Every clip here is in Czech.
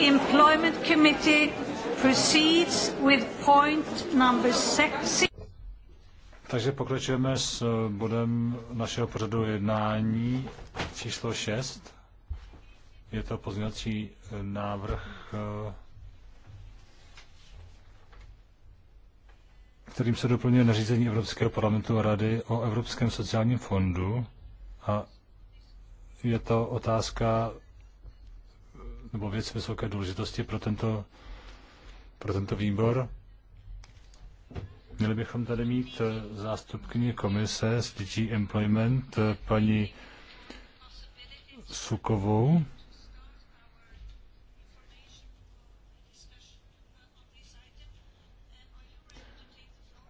Employment Committee proceeds with point number six. Takže pokračujeme s eh, bodem našeho pořadu jednání číslo 6. Je to pozměňovací eh, návrh, eh, kterým se doplňuje nařízení Evropského parlamentu a Rady o Evropském sociálním fondu. A je to otázka nebo věc vysoké důležitosti pro tento, pro tento výbor. Měli bychom tady mít eh, zástupkyni komise z DG Employment, eh, paní Sukovou.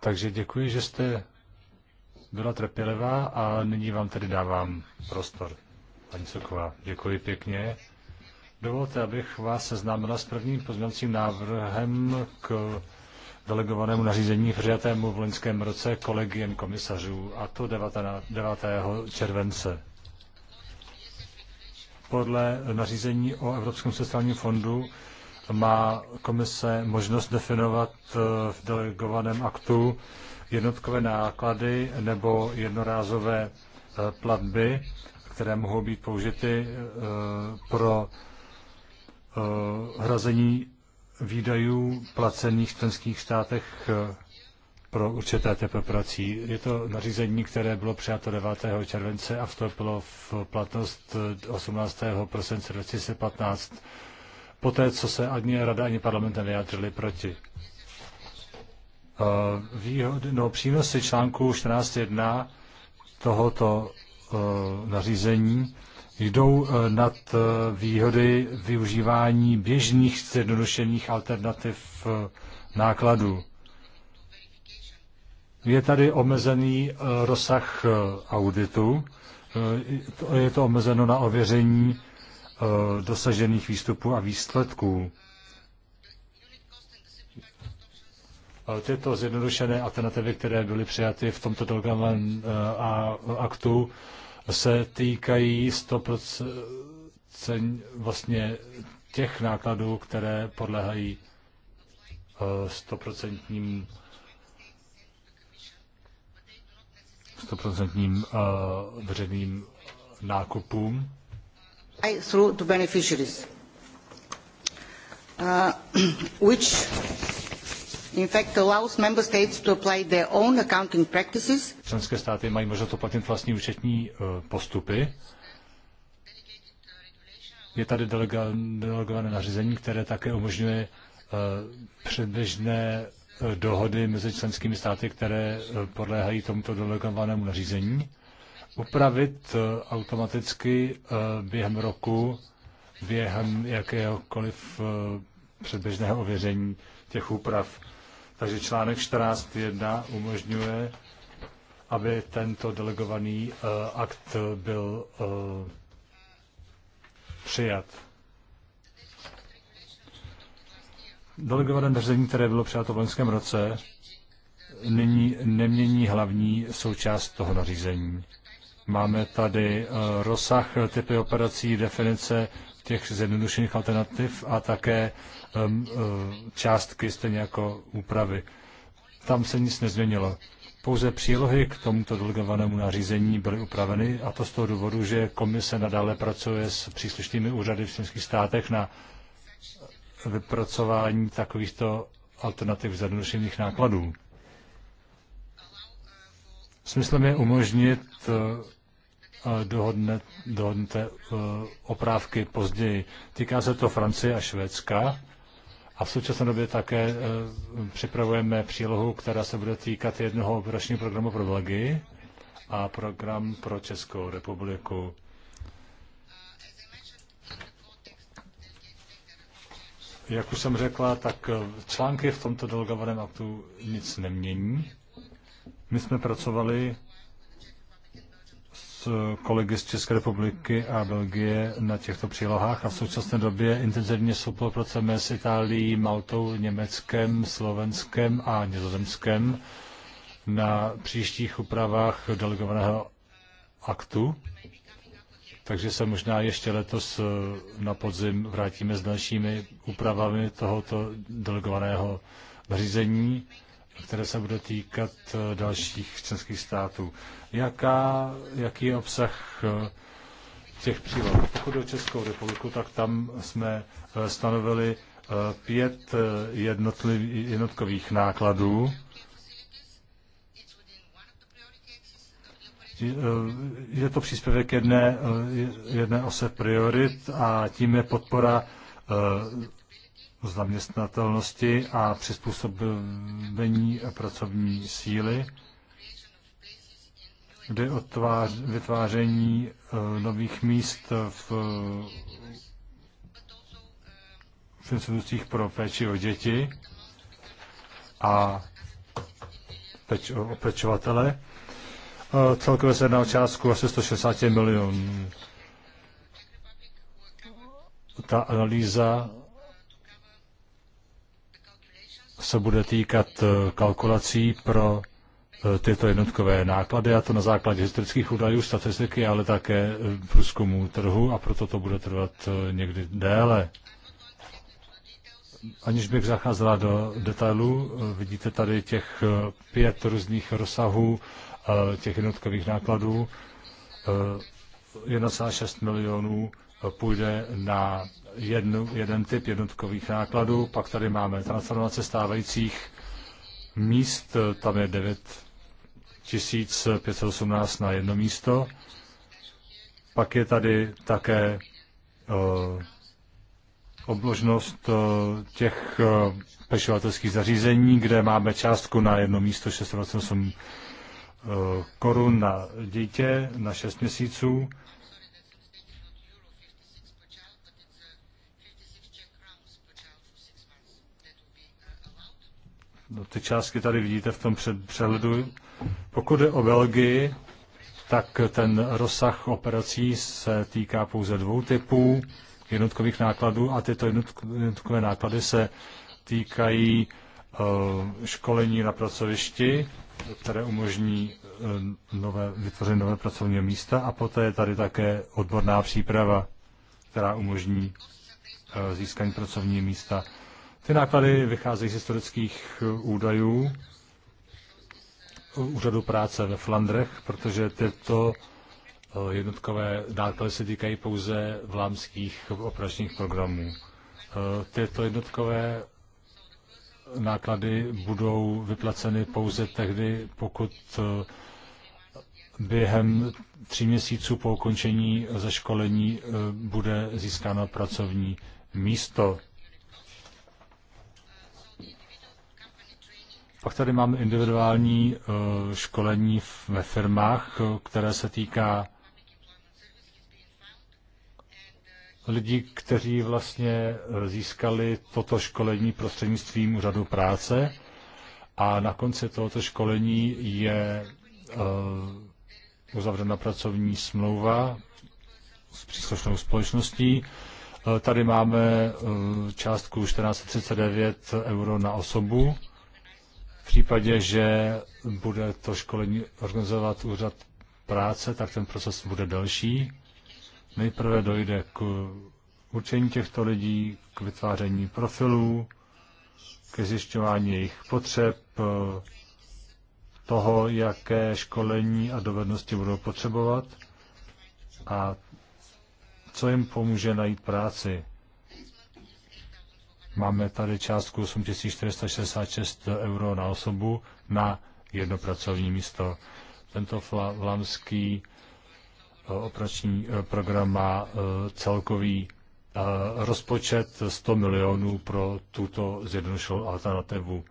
Takže děkuji, že jste byla trpělivá a nyní vám tedy dávám prostor. Paní Soková, děkuji pěkně. Dovolte, abych vás seznámila s prvním pozměňovacím návrhem k delegovanému nařízení přijatému v loňském roce kolegiem komisařů, a to 9. července. Podle nařízení o Evropském sociálním fondu má komise možnost definovat eh, v delegovaném aktu jednotkové náklady nebo jednorázové eh, platby, které mohou být použity eh, pro Eh, hrazení výdajů placených v členských státech eh, pro určité typy prací. Je to nařízení, které bylo přijato 9. července a vstoupilo v platnost 18. Eh, prosince 2015, poté co se ani rada, ani parlament nevyjádřili proti. Výhody, no, přínosy článku 14.1 tohoto nařízení jdou eh, nad eh, výhody využívání běžných zjednodušených alternativ eh, nákladů. Je tady omezený rozsah auditu, je to omezeno na ověření dosažených výstupů a výsledků. Tyto zjednodušené alternativy, které byly přijaty v tomto a aktu, se týkají 100% vlastně těch nákladů, které podlehají eh, stoprocentním stoprocentním eh, veřejným nákupům. Through to beneficiaries, uh, which in fact allows member states to apply their own accounting practices. Členské státy mají možnost uplatnit vlastní účetní eh, postupy. Je tady delegované nařízení, které také umožňuje eh, předběžné eh, dohody mezi členskými státy, které podléhají tomuto delegovanému nařízení, upravit automaticky během roku, během jakéhokoliv předběžného ověření těch úprav. Takže článek 14.1 umožňuje, aby tento delegovaný eh, akt byl eh, přijat. Delegované držení, které bylo přijato v loňském roce, nyní nemění hlavní součást toho nařízení. Máme tady eh, rozsah, typy operací, definice těch zjednodušených alternativ a také Eh, částky, stejně jako úpravy. Tam se nic nezměnilo. Pouze přílohy k tomuto delegovanému nařízení byly upraveny a to z toho důvodu, že komise nadále pracuje s příslušnými úřady v členských státech na vypracování takovýchto alternativ zjednodušených nákladů. Smyslem je umožnit eh, dohodne, dohodnete eh, oprávky později. Týká se to Francie a Švédska. A v současné době také eh, připravujeme přílohu, která se bude týkat jednoho operačního programu pro Belgii a program pro Českou republiku. Jak už jsem řekla, tak eh, články v tomto delegovaném aktu nic nemění. My jsme pracovali kolegy z České republiky a Belgie na těchto přílohách a v současné době intenzivně spolupracujeme s Itálií, Maltou, Německem, Slovenskem a Nizozemskem na příštích úpravách delegovaného aktu. Takže se možná ještě letos na podzim vrátíme s dalšími úpravami tohoto delegovaného nařízení které se bude týkat eh, dalších členských států. Jaká, jaký je obsah eh, těch příloh? Pokud do Českou republiku, tak tam jsme eh, stanovili pět jednotkových nákladů. Je to příspěvek jedné, jedné ose priorit a tím je podpora zaměstnatelnosti a přizpůsobení pracovní síly, kdy o vytváření eh, nových míst v, v institucích pro péči o děti a peč, o pečovatele. Eh, celkově se jedná o částku asi 160 milionů. Ta analýza se bude týkat eh, kalkulací pro eh, tyto jednotkové náklady, a to na základě historických údajů, statistiky, ale také eh, průzkumu trhu a proto to bude trvat někdy déle. Aniž bych zacházela do detailů, vidíte tady těch pět různých rozsahů těch jednotkových nákladů, 1,6 milionů půjde na jednu, jeden typ jednotkových nákladů, pak tady máme transformace stávajících míst, tam je 9518 518 na jedno místo. Pak je tady také uh, obložnost uh, těch uh, eh, pešovatelských zařízení, kde máme částku na jedno místo 628 korun na dítě na 6 měsíců. No, ty částky tady vidíte v tom přehledu. Pokud je o Belgii, tak ten rozsah operací se týká pouze dvou typů jednotkových nákladů a tyto jednotkové náklady se týkají eh, školení na pracovišti, které umožní eh, nové, vytvoření nové pracovní místa a poté je tady také odborná příprava, která umožní eh, získání pracovní místa. Ty náklady vycházejí z historických eh, údajů úřadu práce ve Flandrech, protože tyto eh, jednotkové náklady se týkají pouze vlámských operačních programů. Eh, tyto jednotkové náklady budou vyplaceny pouze tehdy, pokud během tří měsíců po ukončení zaškolení bude získáno pracovní místo. Pak tady máme individuální eh, školení ve firmách, eh, které se týká lidí, kteří vlastně získali toto školení prostřednictvím úřadu práce. A na konci tohoto školení je eh, uzavřena pracovní smlouva s příslušnou společností. Tady máme částku 1439 euro na osobu případě, že bude to školení organizovat úřad práce, tak ten proces bude delší. Nejprve dojde k určení těchto lidí, k vytváření profilů, ke zjišťování jejich potřeb, toho, jaké školení a dovednosti budou potřebovat a co jim pomůže najít práci. Máme tady částku 8466 euro na osobu na jedno pracovní místo. Tento vlámský eh, operační eh, program má eh, celkový rozpočet 100 milionů pro tuto zjednodušenou alternativu.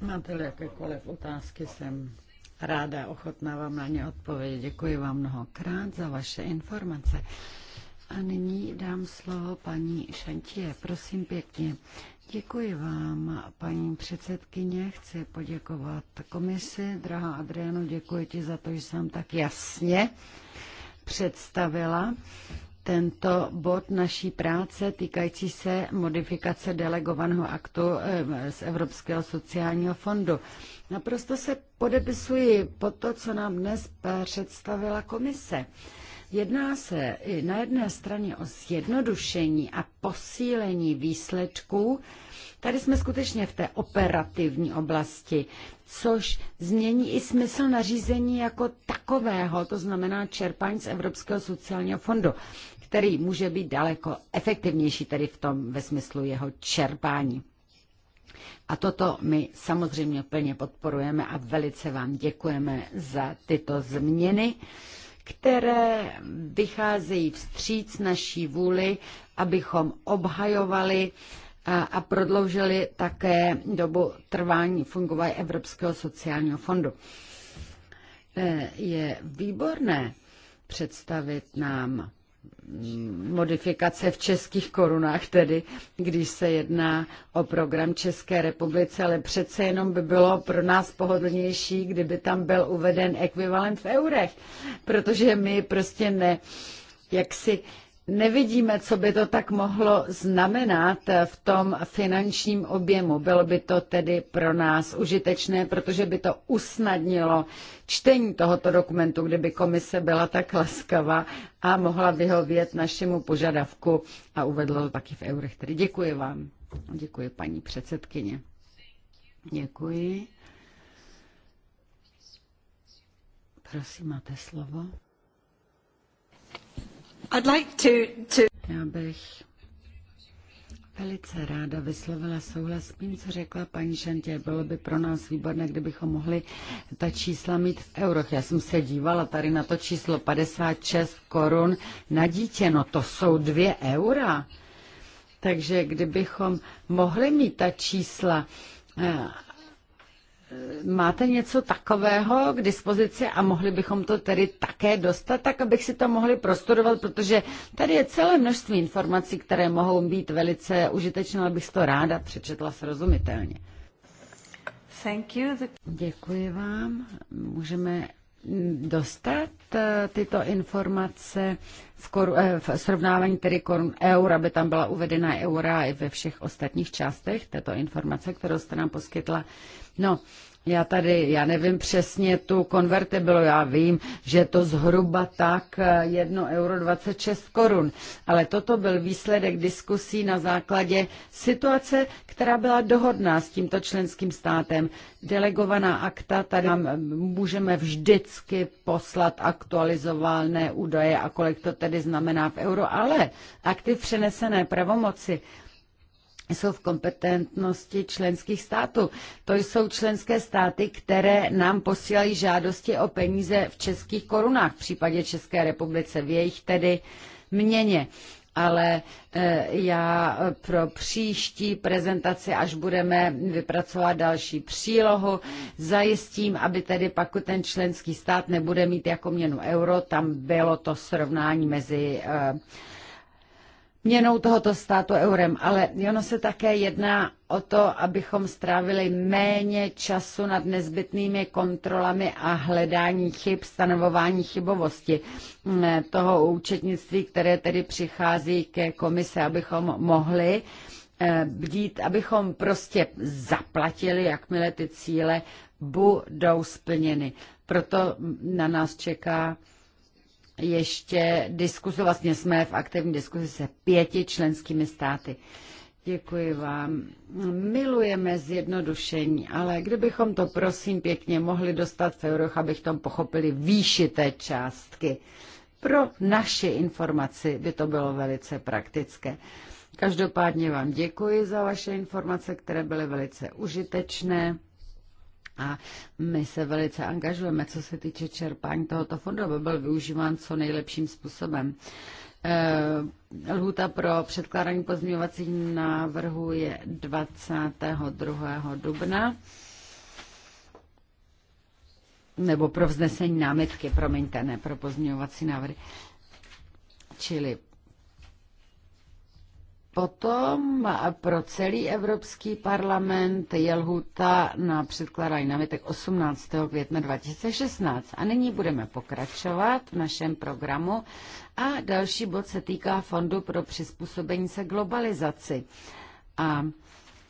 máte jakékoliv otázky, jsem ráda ochotná vám na ně odpovědět. Děkuji vám mnohokrát za vaše informace. A nyní dám slovo paní Šantě. Prosím pěkně. Děkuji vám, paní předsedkyně. Chci poděkovat komisi. Drahá Adriano, děkuji ti za to, že jsem tak jasně představila tento bod naší práce týkající se modifikace delegovaného aktu eh, z Evropského sociálního fondu. Naprosto se podepisuji po to, co nám dnes představila komise. Jedná se na jedné straně o zjednodušení a posílení výsledků. Tady jsme skutečně v té operativní oblasti, což změní i smysl nařízení jako takového, to znamená čerpání z Evropského sociálního fondu, který může být daleko efektivnější tedy v tom ve smyslu jeho čerpání. A toto my samozřejmě plně podporujeme a velice vám děkujeme za tyto změny které vycházejí vstříc naší vůli, abychom obhajovali a prodloužili také dobu trvání fungování Evropského sociálního fondu. E, je výborné představit nám modifikace v českých korunách, tedy když se jedná o program České republice, ale přece jenom by bylo pro nás pohodlnější, kdyby tam byl uveden ekvivalent v eurech, protože my prostě ne, jak si Nevidíme, co by to tak mohlo znamenat v tom finančním objemu. Bylo by to tedy pro nás užitečné, protože by to usnadnilo čtení tohoto dokumentu, kdyby komise byla tak laskava a mohla vyhovět našemu požadavku a uvedlo to taky v eurech. Tedy děkuji vám. Děkuji, paní předsedkyně. Děkuji. Prosím, máte slovo. Já bych velice ráda vyslovila souhlas s tím, co řekla paní Šantě. Bylo by pro nás výborné, kdybychom mohli ta čísla mít v euroch. Já jsem se dívala tady na to číslo 56 korun na dítě. No to jsou dvě eura. Takže kdybychom mohli mít ta čísla eh, Eh, máte něco takového k dispozici a mohli bychom to tedy také dostat, tak abych si to mohli prostudovat, protože tady je celé množství informací, které mohou být velice užitečné, abych to ráda přečetla srozumitelně. Thank you. Děkuji vám. Můžeme dostat eh, tyto informace v, koru, eh, v srovnávání tedy korun eur, aby tam byla uvedena eura i ve všech ostatních částech této informace, kterou jste nám poskytla. No, já tady, já nevím přesně tu konvertibilu, já vím, že to zhruba tak 1,26 eh, euro korun, ale toto byl výsledek diskusí na základě situace, která byla dohodná s tímto členským státem. Delegovaná akta, tady nám eh, můžeme vždycky poslat aktualizované údaje a kolik to tedy znamená v euro, ale aktiv přenesené pravomoci, jsou v kompetentnosti členských států. To jsou členské státy, které nám posílají žádosti o peníze v českých korunách, v případě České republice, v jejich tedy měně ale e, já pro příští prezentaci, až budeme vypracovat další přílohu, zajistím, aby tedy pak ten členský stát nebude mít jako měnu euro, tam bylo to srovnání mezi e, měnou tohoto státu eurem, ale ono se také jedná o to, abychom strávili méně času nad nezbytnými kontrolami a hledání chyb, stanovování chybovosti mm, toho účetnictví, které tedy přichází ke komise, abychom mohli eh, bdít, abychom prostě zaplatili, jakmile ty cíle budou splněny. Proto na nás čeká ještě diskuzi, vlastně jsme v aktivní diskuzi se pěti členskými státy. Děkuji vám. Milujeme zjednodušení, ale kdybychom to prosím pěkně mohli dostat v euroch, abychom pochopili výši té částky. Pro naše informaci by to bylo velice praktické. Každopádně vám děkuji za vaše informace, které byly velice užitečné. A my se velice angažujeme, co se týče čerpání tohoto fondu, aby byl využíván co nejlepším způsobem. E, Lhuta pro předkládání pozměňovacích návrhů je 22. dubna. Nebo pro vznesení námitky, promiňte, ne pro pozměňovací návrhy. Čili Potom pro celý Evropský parlament je lhuta na předkládání námitek 18. května 2016. A nyní budeme pokračovat v našem programu. A další bod se týká Fondu pro přizpůsobení se globalizaci. A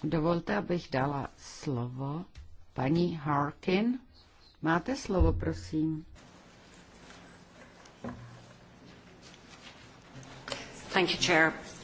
dovolte, abych dala slovo paní Harkin. Máte slovo, prosím. Thank you, Chair.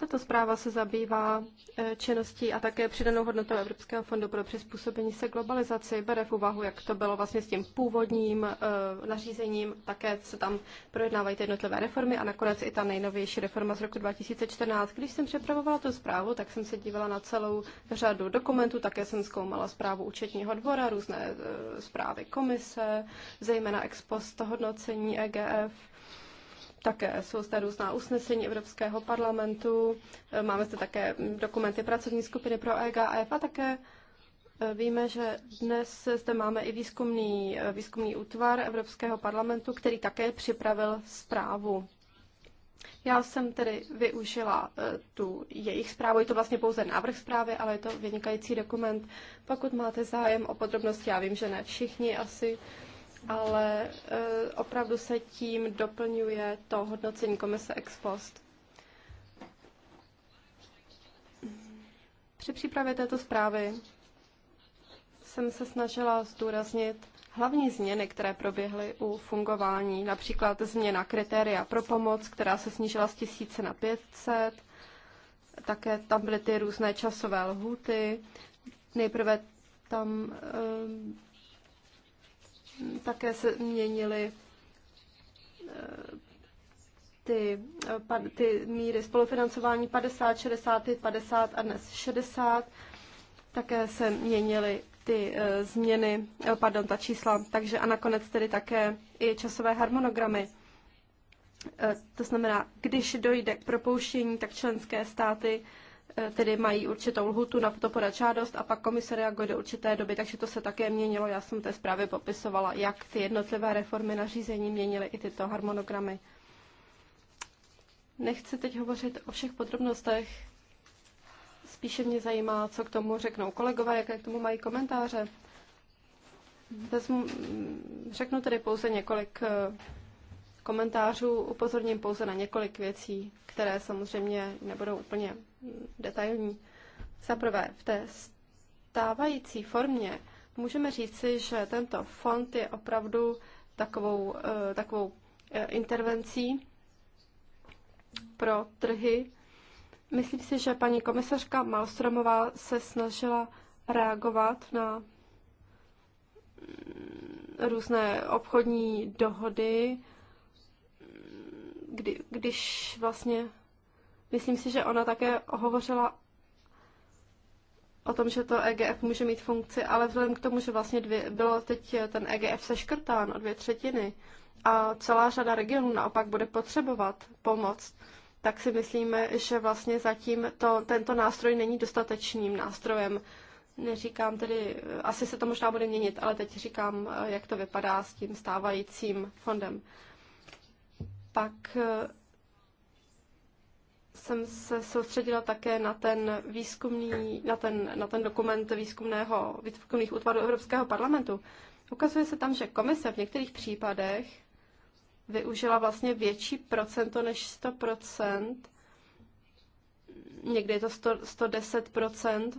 Tato zpráva se zabývá e, činností a také přidanou hodnotou Evropského fondu pro přizpůsobení se globalizaci. Bere v úvahu, jak to bylo vlastně s tím původním e, nařízením. Také se tam projednávají ty jednotlivé reformy a nakonec i ta nejnovější reforma z roku 2014. Když jsem připravovala tu zprávu, tak jsem se dívala na celou řadu dokumentů. Také jsem zkoumala zprávu účetního dvora, různé e, zprávy komise, zejména ex post hodnocení EGF také jsou zde různá usnesení Evropského parlamentu, e, máme zde také dokumenty pracovní skupiny pro EGF a také e, Víme, že dnes zde máme i výzkumný, e, výzkumný útvar Evropského parlamentu, který také připravil zprávu. Já jsem tedy využila tu jejich zprávu, je to vlastně pouze návrh zprávy, ale je to vynikající dokument. Pokud máte zájem o podrobnosti, já vím, že ne všichni asi ale eh, opravdu se tím doplňuje to hodnocení komise ex post. Při přípravě této zprávy jsem se snažila zdůraznit hlavní změny, které proběhly u fungování, například změna kritéria pro pomoc, která se snížila z 1000 na 500, také tam byly ty různé časové lhuty. Nejprve tam eh, Eh, eh, také se měnily ty, ty míry spolufinancování 50, 60, 50 a dnes 60. Také se měnily ty změny, eh, pardon, ta čísla, takže a nakonec tedy také i časové harmonogramy. to znamená, když dojde k propouštění, tak členské státy e, Eh, tedy mají určitou lhutu na to podat žádost a pak komise reaguje do určité doby, takže to se také měnilo. Já jsem té zprávě popisovala, jak ty jednotlivé reformy nařízení měnily i tyto harmonogramy. Nechci teď hovořit o všech podrobnostech. Spíše mě zajímá, co k tomu řeknou kolegové, jaké k tomu mají komentáře. Vezmu, mm, řeknu tedy pouze několik eh, komentářů. Upozorním pouze na několik věcí, které samozřejmě nebudou úplně detailní. Za prvé, v té stávající formě můžeme říci, že tento fond je opravdu takovou, eh, takovou eh, intervencí pro trhy. Myslím si, že paní komisařka Malstromová se snažila reagovat na mm, různé obchodní dohody kdy, když vlastně, myslím si, že ona také hovořila o tom, že to EGF může mít funkci, ale vzhledem k tomu, že vlastně dvě, bylo teď ten EGF seškrtán o dvě třetiny a celá řada regionů naopak bude potřebovat pomoc, tak si myslíme, že vlastně zatím to, tento nástroj není dostatečným nástrojem. Neříkám tedy, asi se to možná bude měnit, ale teď říkám, jak to vypadá s tím stávajícím fondem. Pak eh, jsem se soustředila také na ten výzkumný, na ten, na ten dokument výzkumného, výzkumných útvarů Evropského parlamentu. Ukazuje se tam, že komise v některých případech využila vlastně větší procento než 100%, někdy je to 100, 110%,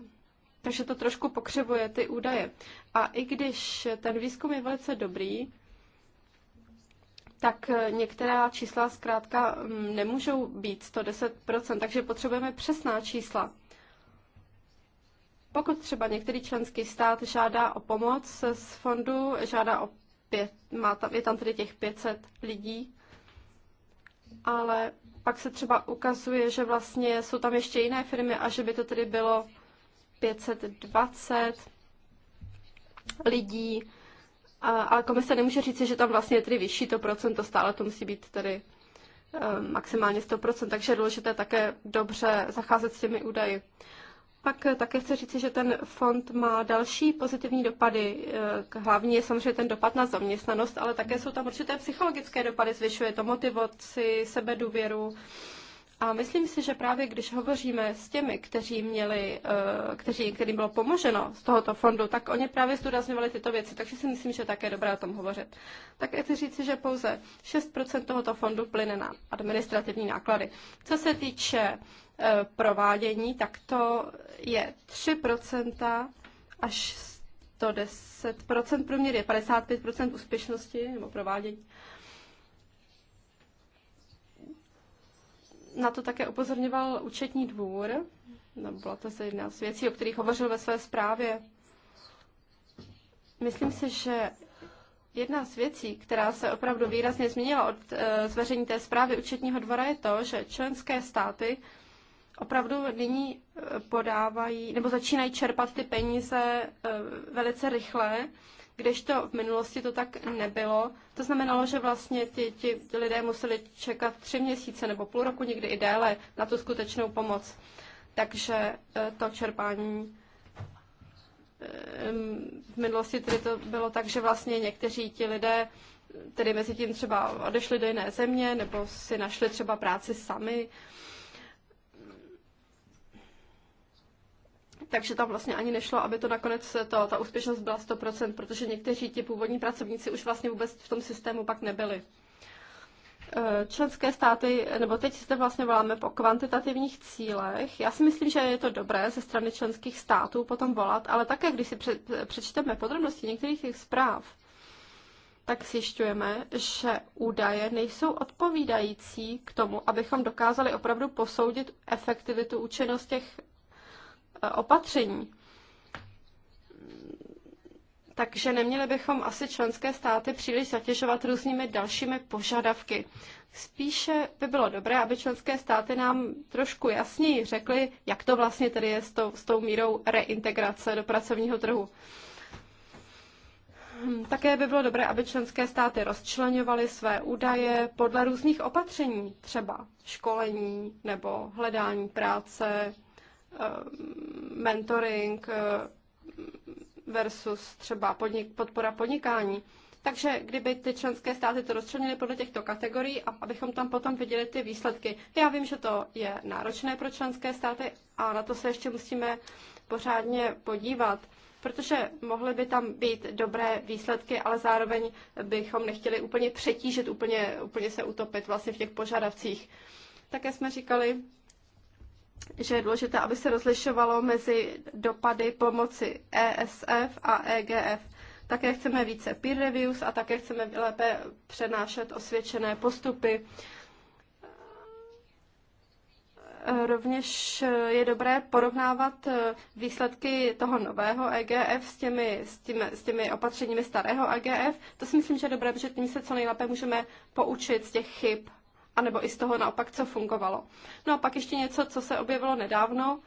takže to trošku pokřivuje ty údaje. A i když ten výzkum je velice dobrý, tak eh, některá čísla zkrátka mm, nemůžou být 110%, takže potřebujeme přesná čísla. Pokud třeba některý členský stát žádá o pomoc z fondu, žádá o pět, má tam, je tam tedy těch 500 lidí, ale pak se třeba ukazuje, že vlastně jsou tam ještě jiné firmy a že by to tedy bylo 520 lidí, ale komise nemůže říct, že tam vlastně je tedy vyšší to procento, stále to musí být tedy eh, maximálně 100%, takže je důležité také dobře zacházet s těmi údaji. Pak eh, také chci říci, že ten fond má další pozitivní dopady. Eh, hlavní je samozřejmě ten dopad na zaměstnanost, ale také jsou tam určité psychologické dopady. Zvyšuje to motivaci, sebedůvěru, a myslím si, že právě když hovoříme s těmi, kteří měli, eh, kteří, kterým bylo pomoženo z tohoto fondu, tak oni právě zdůrazňovali tyto věci, takže si myslím, že je dobré o tom hovořit. Tak chci říci, že pouze 6% tohoto fondu plyne na administrativní náklady. Co se týče eh, provádění, tak to je 3% až 110%, průměr je 55% úspěšnosti nebo provádění. na to také upozorňoval účetní dvůr, byla to se jedna z věcí, o kterých hovořil ve své zprávě. Myslím si, že jedna z věcí, která se opravdu výrazně změnila od eh, zveřejní té zprávy účetního dvora, je to, že členské státy opravdu nyní eh, podávají nebo začínají čerpat ty peníze eh, velice rychle kdežto v minulosti to tak nebylo. To znamenalo, že vlastně ti, ti lidé museli čekat tři měsíce nebo půl roku, někdy i déle, na tu skutečnou pomoc. Takže eh, to čerpání eh, v minulosti tedy to bylo tak, že vlastně někteří ti lidé tedy mezi tím třeba odešli do jiné země nebo si našli třeba práci sami. takže tam vlastně ani nešlo, aby to nakonec to, ta úspěšnost byla 100%, protože někteří ti původní pracovníci už vlastně vůbec v tom systému pak nebyli. E, členské státy, nebo teď se vlastně voláme po kvantitativních cílech. Já si myslím, že je to dobré ze strany členských států potom volat, ale také, když si přečteme podrobnosti některých těch zpráv, tak zjišťujeme, že údaje nejsou odpovídající k tomu, abychom dokázali opravdu posoudit efektivitu účinnost těch E, opatření. Takže neměli bychom asi členské státy příliš zatěžovat různými dalšími požadavky. Spíše by bylo dobré, aby členské státy nám trošku jasněji řekly, jak to vlastně tedy je s tou, s tou mírou reintegrace do pracovního trhu. Hm, také by bylo dobré, aby členské státy rozčlenovaly své údaje podle různých opatření, třeba školení nebo hledání práce, Eh, mentoring eh, versus třeba podnik, podpora podnikání. Takže kdyby ty členské státy to rozčlenily podle těchto kategorií, a abychom tam potom viděli ty výsledky. Já vím, že to je náročné pro členské státy a na to se ještě musíme pořádně podívat, protože mohly by tam být dobré výsledky, ale zároveň bychom nechtěli úplně přetížit, úplně, úplně se utopit vlastně v těch požadavcích. Také jsme říkali, že je důležité, aby se rozlišovalo mezi dopady pomoci ESF a EGF. Také chceme více peer reviews a také chceme lépe přenášet osvědčené postupy. Rovněž je dobré porovnávat výsledky toho nového EGF s těmi, s, tím, s těmi opatřeními starého EGF. To si myslím, že je dobré, protože tím se co nejlépe můžeme poučit z těch chyb anebo i z toho naopak, co fungovalo. No a pak ještě něco, co se objevilo nedávno.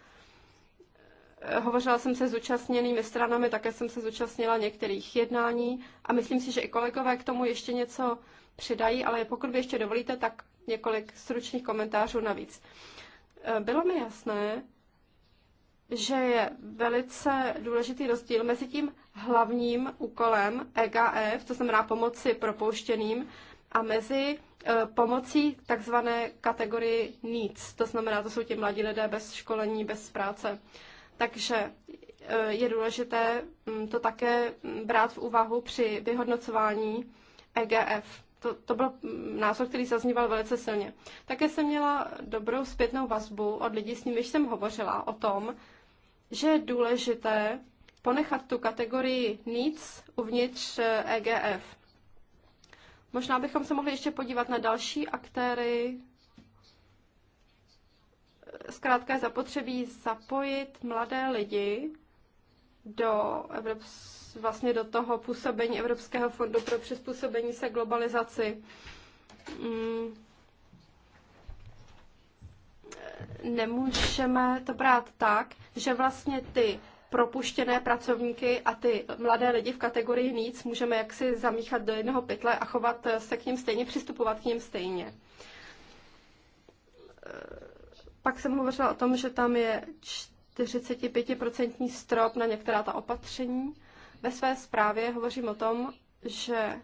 Eh, hovořila jsem se zúčastněnými stranami, také jsem se zúčastnila některých jednání a myslím si, že i kolegové k tomu ještě něco přidají, ale pokud by ještě dovolíte, tak několik stručných komentářů navíc. Eh, bylo mi jasné, že je velice důležitý rozdíl mezi tím hlavním úkolem EGF, e, to znamená pomoci propouštěným, a mezi e, pomocí takzvané kategorii needs, to znamená, to jsou ti mladí lidé bez školení, bez práce. Takže e, je důležité mm, to také mm, brát v úvahu při vyhodnocování EGF. To, to byl mm, názor, který zazníval velice silně. Také jsem měla dobrou zpětnou vazbu od lidí, s nimiž jsem hovořila o tom, že je důležité ponechat tu kategorii needs uvnitř EGF. E Možná bychom se mohli ještě podívat na další aktéry. Zkrátka je zapotřebí zapojit mladé lidi do, Evrops- vlastně do toho působení Evropského fondu pro přizpůsobení se globalizaci. Mm nemůžeme to brát tak, že vlastně ty propuštěné pracovníky a ty mladé lidi v kategorii nic můžeme jaksi zamíchat do jednoho pytle a chovat se k ním stejně, přistupovat k ním stejně. Pak jsem hovořila o tom, že tam je 45% strop na některá ta opatření. Ve své zprávě hovořím o tom, že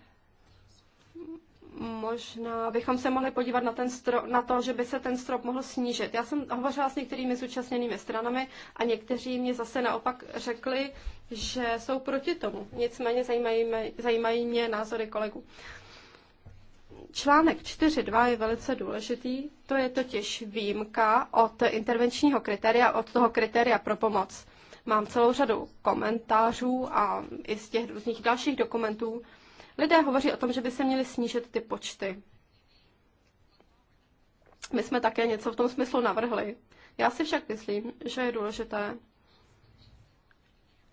Možná bychom se mohli podívat na, ten stro, na to, že by se ten strop mohl snížit. Já jsem hovořila s některými zúčastněnými stranami a někteří mě zase naopak řekli, že jsou proti tomu. Nicméně zajímají mě, zajímají mě názory kolegů. Článek 4.2 je velice důležitý, to je totiž výjimka od intervenčního kritéria, od toho kritéria pro pomoc. Mám celou řadu komentářů a i z těch různých dalších dokumentů, Lidé hovoří o tom, že by se měly snížit ty počty. My jsme také něco v tom smyslu navrhli. Já si však myslím, že je důležité,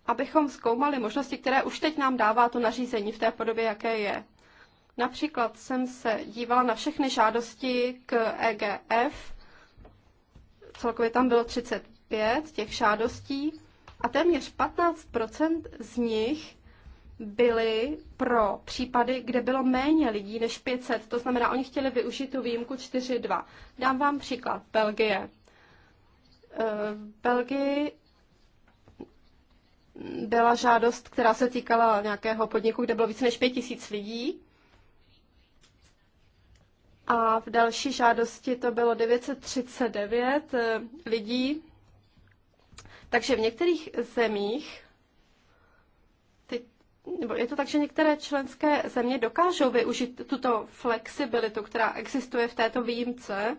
abychom zkoumali možnosti, které už teď nám dává to nařízení v té podobě, jaké je. Například jsem se dívala na všechny žádosti k EGF, celkově tam bylo 35 těch žádostí a téměř 15 z nich byly pro případy, kde bylo méně lidí než 500. To znamená, oni chtěli využít tu výjimku 4.2. Dám vám příklad. Belgie. Eh, v Belgii byla žádost, která se týkala nějakého podniku, kde bylo více než 5000 lidí. A v další žádosti to bylo 939 eh, lidí. Takže v některých zemích nebo je to tak, že některé členské země dokážou využít tuto flexibilitu, která existuje v této výjimce,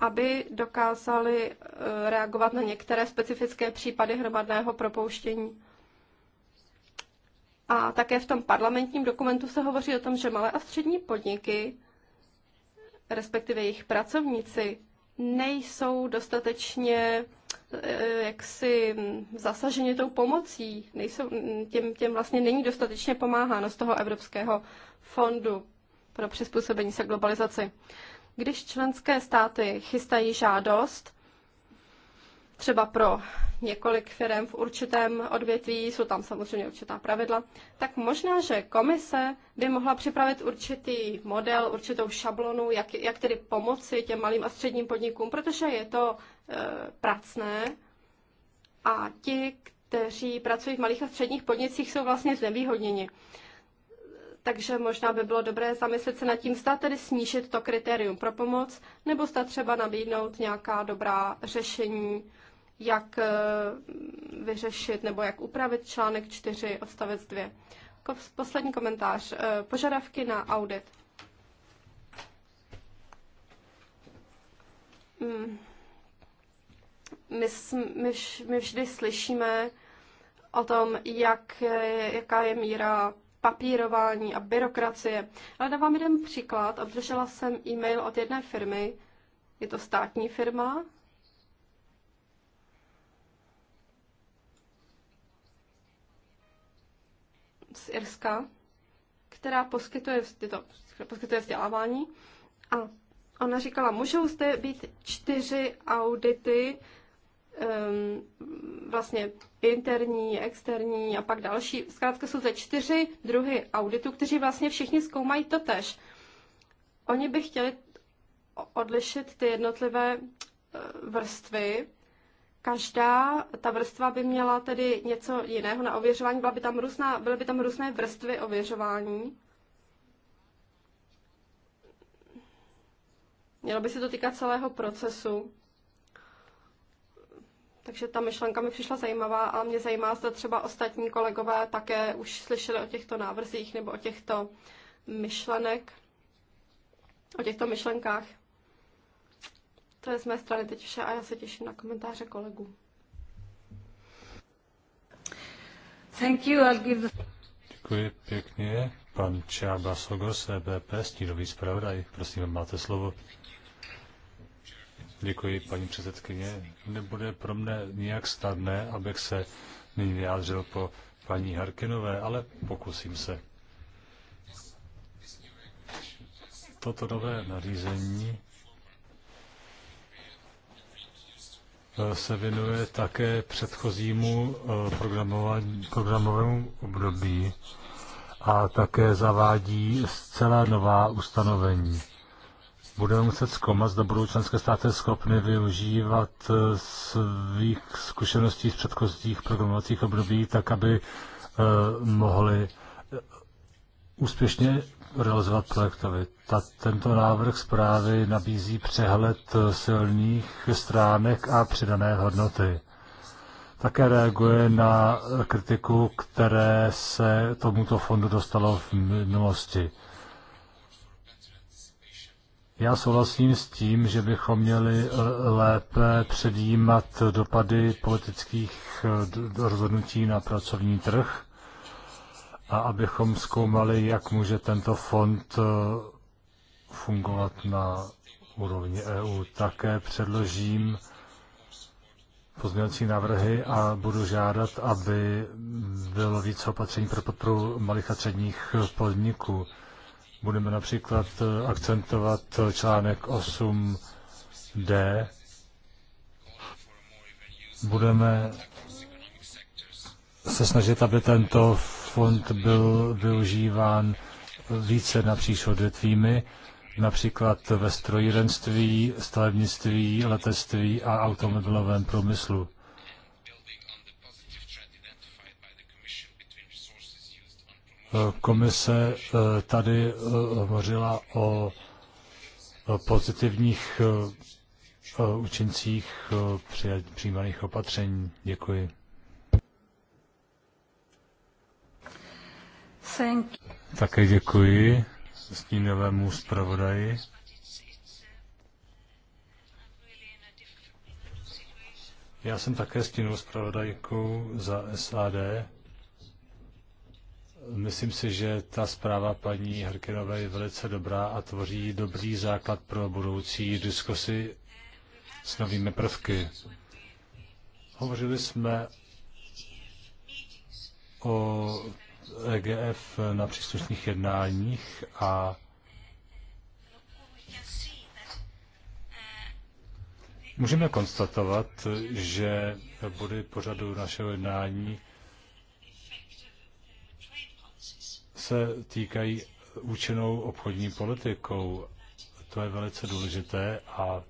aby dokázali eh, reagovat na některé specifické případy hromadného propouštění. A také v tom parlamentním dokumentu se hovoří o tom, že malé a střední podniky, respektive jejich pracovníci, nejsou dostatečně Eh, jaksi zasaženě tou pomocí, nejsou, těm, těm vlastně není dostatečně pomáháno z toho Evropského fondu pro přizpůsobení se globalizaci. Když členské státy chystají žádost, třeba pro několik firm v určitém odvětví, jsou tam samozřejmě určitá pravidla, tak možná, že komise by mohla připravit určitý model, určitou šablonu, jak, jak tedy pomoci těm malým a středním podnikům, protože je to Eh, pracné a ti, kteří pracují v malých a středních podnicích, jsou vlastně znevýhodněni. Takže možná by bylo dobré zamyslet se nad tím, zda tedy snížit to kritérium pro pomoc, nebo zda třeba nabídnout nějaká dobrá řešení, jak eh, vyřešit nebo jak upravit článek 4 odstavec 2. Poslední komentář. Eh, požadavky na audit. Hmm. My, my, my vždy slyšíme o tom, jak, jaká je míra papírování a byrokracie. Ale dávám jeden příklad. Obdržela jsem e-mail od jedné firmy. Je to státní firma. Z Irska, která poskytuje, tyto, poskytuje vzdělávání. A ona říkala, můžou zde být čtyři audity Ehm, vlastně interní, externí a pak další. Zkrátka jsou ze čtyři druhy auditu, kteří vlastně všichni zkoumají to tež. Oni by chtěli odlišit ty jednotlivé eh, vrstvy. Každá ta vrstva by měla tedy něco jiného na ověřování, byla by tam různá, byly by tam různé vrstvy ověřování. Mělo by se to týkat celého procesu. Takže ta myšlenka mi přišla zajímavá a mě zajímá, zda třeba ostatní kolegové také už slyšeli o těchto návrzích nebo o těchto myšlenek, o těchto myšlenkách. To je z mé strany teď vše a já se těším na komentáře kolegů. Thank you, I'll give the... Děkuji pěkně. Pan Čába Sogos, EBP, stínový zpravodaj. Prosím, máte slovo. Děkuji, paní předsedkyně. Nebude pro mne nijak snadné, abych se nyní vyjádřil po paní Harkinové, ale pokusím se. Toto nové nařízení eh, se věnuje také předchozímu eh, programovému období a také zavádí zcela nová ustanovení budeme muset zkoumat, zda budou členské státy schopny využívat eh, svých zkušeností z předchozích programovacích období tak, aby eh, mohli eh, úspěšně realizovat projektovi. Ta, tento návrh zprávy nabízí přehled silných stránek a přidané hodnoty. Také reaguje na kritiku, které se tomuto fondu dostalo v minulosti. Já souhlasím s tím, že bychom měli lépe předjímat dopady politických eh, rozhodnutí na pracovní trh a abychom zkoumali, jak může tento fond eh, fungovat na úrovni EU. Také předložím pozměňovací návrhy a budu žádat, aby bylo více opatření pro podporu malých a středních podniků. Budeme například eh, akcentovat článek 8d. Budeme se snažit, aby tento fond byl využíván více napříč odvětvími, například ve strojírenství, stavebnictví, letectví a automobilovém průmyslu. Komise eh, tady eh, hovořila o pozitivních eh, účincích přijímaných opatření. Děkuji. Také děkuji stínovému zpravodaji. Já jsem také stínovou zpravodajkou za SAD. Myslím si, že ta zpráva paní Harkinové je velice dobrá a tvoří dobrý základ pro budoucí diskusy s novými prvky. Hovořili jsme o EGF na příslušných jednáních a můžeme konstatovat, že body pořadu našeho jednání se týkají účinnou obchodní politikou. To je velice důležité a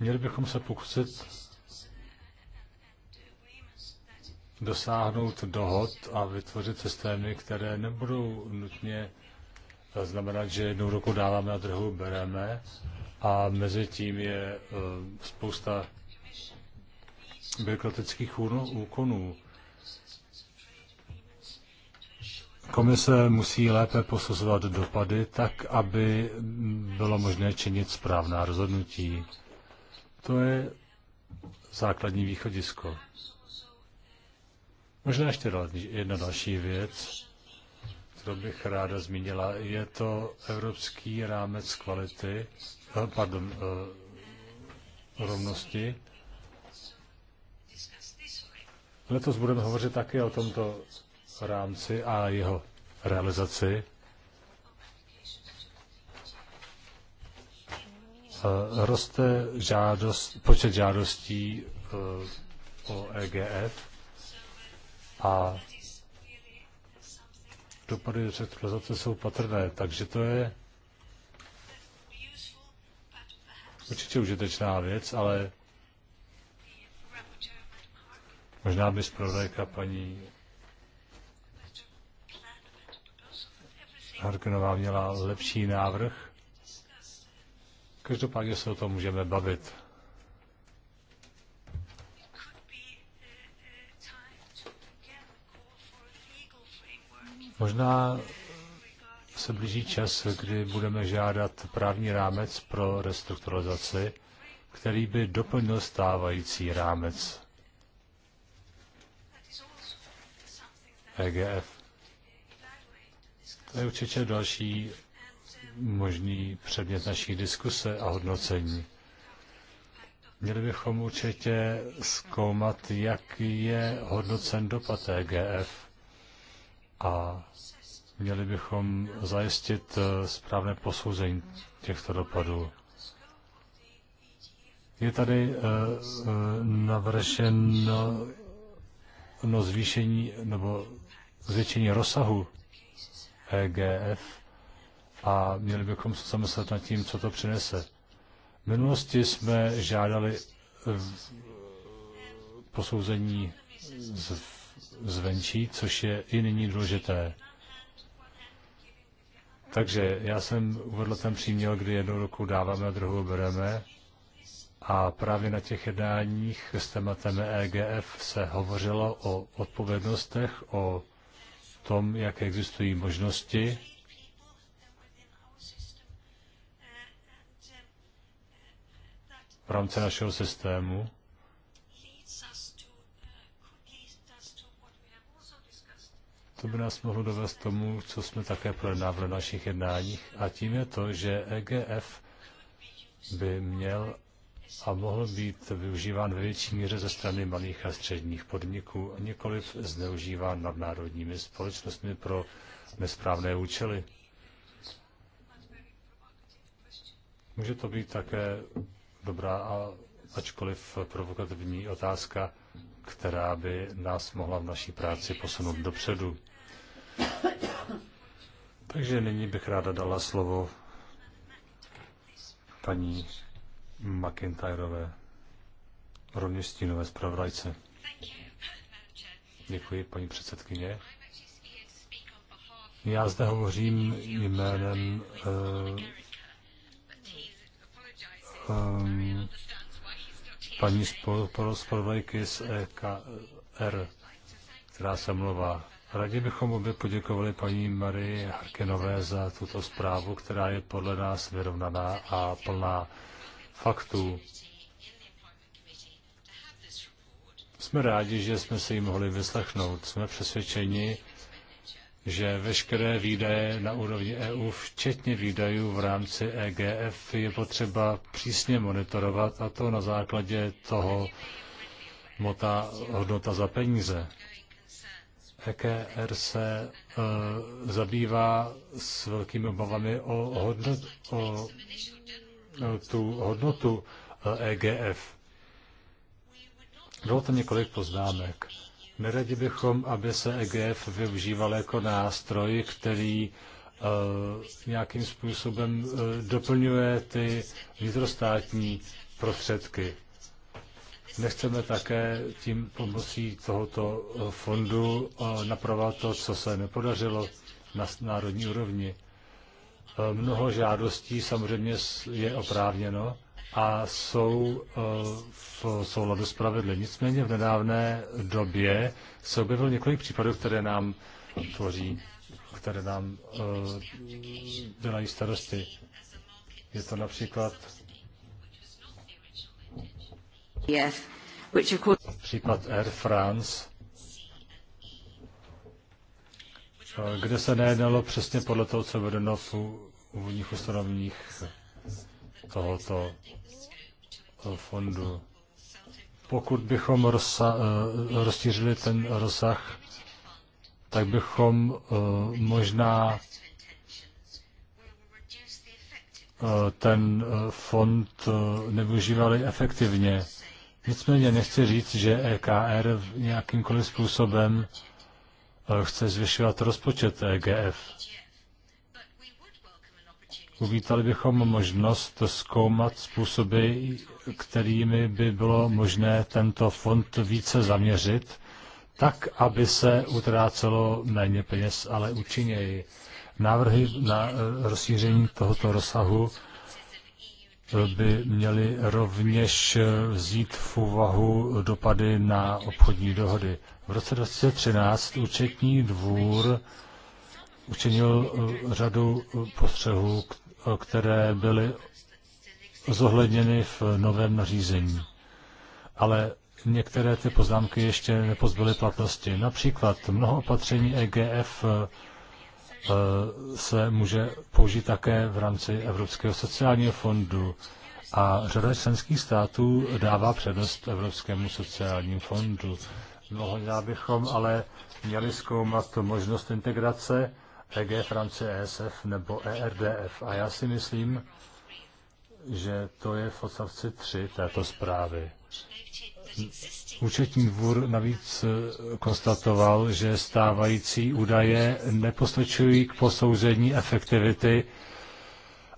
měli bychom se pokusit dosáhnout dohod a vytvořit systémy, které nebudou nutně znamenat, že jednou ruku dáváme a druhou bereme a mezi tím je eh, spousta byrokratických úkonů. Komise musí lépe posuzovat dopady tak, aby bylo možné činit správná rozhodnutí. To je základní východisko. Možná ještě jedna další věc, kterou bych ráda zmínila, je to evropský rámec kvality, eh, pardon, eh, rovnosti. Letos budeme hovořit také o tomto rámci a jeho realizaci. Roste žádost, počet žádostí eh, o EGF a dopady centralizace jsou patrné, takže to je určitě užitečná věc, ale možná by zpravodajka paní Harkinová měla lepší návrh. Každopádně se o tom můžeme bavit. Možná se blíží čas, kdy budeme žádat právní rámec pro restrukturalizaci, který by doplnil stávající rámec EGF. To je určitě další možný předmět naší diskuse a hodnocení. Měli bychom určitě zkoumat, jak je hodnocen dopad TGF e a měli bychom zajistit eh, správné posouzení těchto dopadů. Je tady eh, eh, navrženo no zvýšení nebo zvětšení rozsahu EGF a měli bychom se zamyslet nad tím, co to přinese. V minulosti jsme žádali posouzení z, zvenčí, což je i nyní důležité. Takže já jsem uvedl ten příměr, kdy jednou ruku dáváme a druhou bereme. A právě na těch jednáních s tématem EGF se hovořilo o odpovědnostech, o tom, jak existují možnosti v rámci našeho systému. To by nás mohlo dovést tomu, co jsme také projednávali v našich jednáních, a tím je to, že EGF by měl a mohl být využíván ve větší míře ze strany malých a středních podniků, nikoliv zneužíván nadnárodními společnostmi pro nesprávné účely. Může to být také dobrá a ačkoliv provokativní otázka, která by nás mohla v naší práci posunout dopředu. Takže nyní bych ráda dala slovo paní McIntyrové, rovněž stínové zpravodajce. Děkuji, paní předsedkyně. Já zde hovořím jménem uh, um, paní zpravodajky z EKR, která se mluvá. Rádi bychom obě poděkovali paní Marii Harkinové za tuto zprávu, která je podle nás vyrovnaná a plná faktů. Jsme rádi, že jsme se jí mohli vyslechnout. Jsme přesvědčeni, že veškeré výdaje na úrovni EU, včetně výdajů v rámci EGF, je potřeba přísně monitorovat a to na základě toho mota hodnota za peníze. EKR se uh, zabývá s velkými obavami o, hodnot, o Eh, tu hodnotu EGF. Eh, e Dovolte několik poznámek. Neradi bychom, aby se EGF využíval jako nástroj, který eh, nějakým způsobem doplňuje ty vnitrostátní prostředky. Nechceme také tím pomocí tohoto fondu napravovat to, co se nepodařilo na národní úrovni. Eh, mnoho žádostí samozřejmě je oprávněno a jsou eh, v souladu s pravidly. Nicméně v nedávné době se objevilo několik případů, které nám tvoří, které nám eh, dělají starosti. Je to například případ Air France, kde se nejednalo přesně podle toho, co je vedeno v úvodních ustanoveních tohoto fondu. Pokud bychom rozsa, eh, rozšířili ten rozsah, tak bychom eh, možná eh, ten fond nevyužívali efektivně. Nicméně nechci říct, že EKR v nějakýmkoliv způsobem Eh, chce zvyšovat rozpočet EGF. Uvítali bychom možnost zkoumat způsoby, kterými by bylo možné tento fond více zaměřit, tak, aby se utrácelo méně peněz, ale účinněji. Návrhy na eh, rozšíření tohoto rozsahu by měly rovněž vzít v úvahu dopady na obchodní dohody. V roce 2013 účetní dvůr učinil eh, řadu eh, postřehů, eh, které byly zohledněny v novém nařízení. Ale některé ty poznámky ještě nepozbyly platnosti. Například mnoho opatření EGF Eh, se může použít také v rámci Evropského sociálního fondu a řada členských států dává přednost Evropskému sociálnímu fondu. Možná no, bychom ale měli zkoumat možnost integrace EG, Francie, ESF nebo ERDF. A já si myslím, že to je v odstavci 3 této zprávy. Účetní dvůr navíc eh, konstatoval, že stávající údaje nepostačují k posouzení efektivity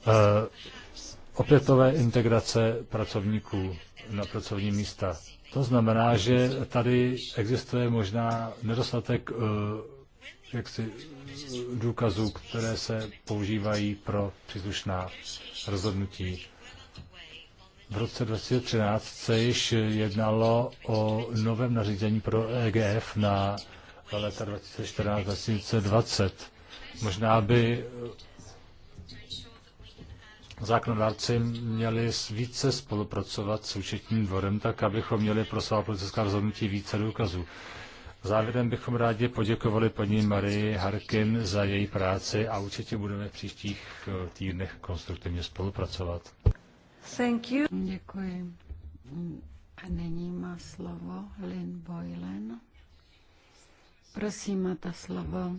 eh, opětové integrace pracovníků na pracovní místa. To znamená, že tady existuje možná nedostatek eh, jaksi, důkazů, které se používají pro příslušná rozhodnutí. V roce 2013 se již jednalo o novém nařízení pro EGF na leta 2014-2020. Možná by zákonodárci měli více spolupracovat s účetním dvorem, tak abychom měli pro svá politická rozhodnutí více důkazů. Závěrem bychom rádi poděkovali paní Marii Harkin za její práci a určitě budeme v příštích eh, týdnech konstruktivně spolupracovat. Thank you. Děkuji. A nyní má slovo Lynn Boylen. Prosím, máte slovo.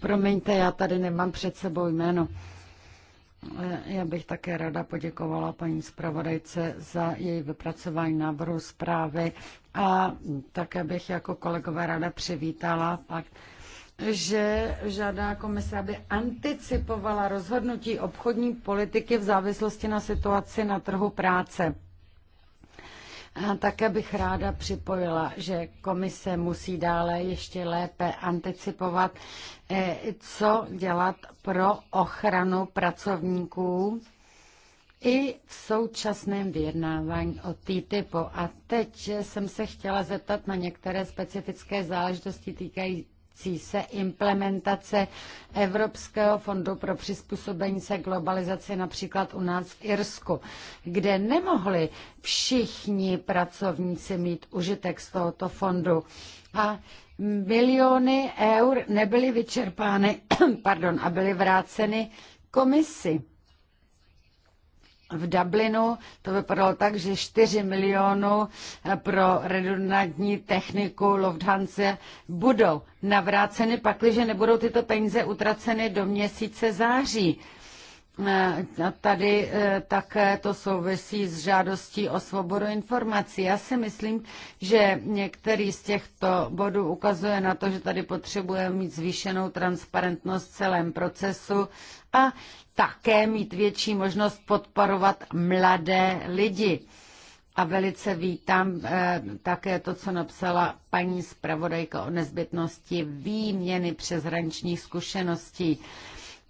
Promiňte, já tady nemám před sebou jméno. Eh, já bych také ráda poděkovala paní zpravodajce za její vypracování návrhu zprávy a také bych jako kolegové ráda přivítala pak že žádá komise, aby anticipovala rozhodnutí obchodní politiky v závislosti na situaci na trhu práce. A také bych ráda připojila, že komise musí dále ještě lépe anticipovat, eh, co dělat pro ochranu pracovníků i v současném vyjednávání o TTIPu. A teď jsem se chtěla zeptat na některé specifické záležitosti týkají, týkající se implementace Evropského fondu pro přizpůsobení se globalizaci například u nás v Irsku, kde nemohli všichni pracovníci mít užitek z tohoto fondu. A miliony eur nebyly vyčerpány pardon, a byly vráceny komisi v Dublinu to vypadalo tak, že 4 milionů eh, pro redundantní techniku Lufthansa budou navráceny, pakliže nebudou tyto peníze utraceny do měsíce září. Eh, tady eh, také to souvisí s žádostí o svobodu informací. Já si myslím, že některý z těchto bodů ukazuje na to, že tady potřebujeme mít zvýšenou transparentnost v celém procesu a také mít větší možnost podporovat mladé lidi. A velice vítám eh, také to, co napsala paní zpravodajka o nezbytnosti výměny přeshraničních zkušeností.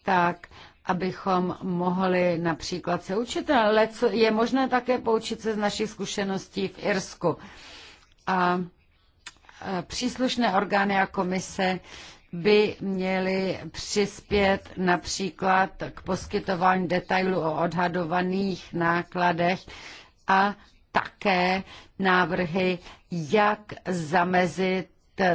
Tak, abychom mohli například se učit, ale co je možné také poučit se z našich zkušeností v Irsku. A e, příslušné orgány a komise by měly přispět například k poskytování detailů o odhadovaných nákladech a také návrhy, jak zamezit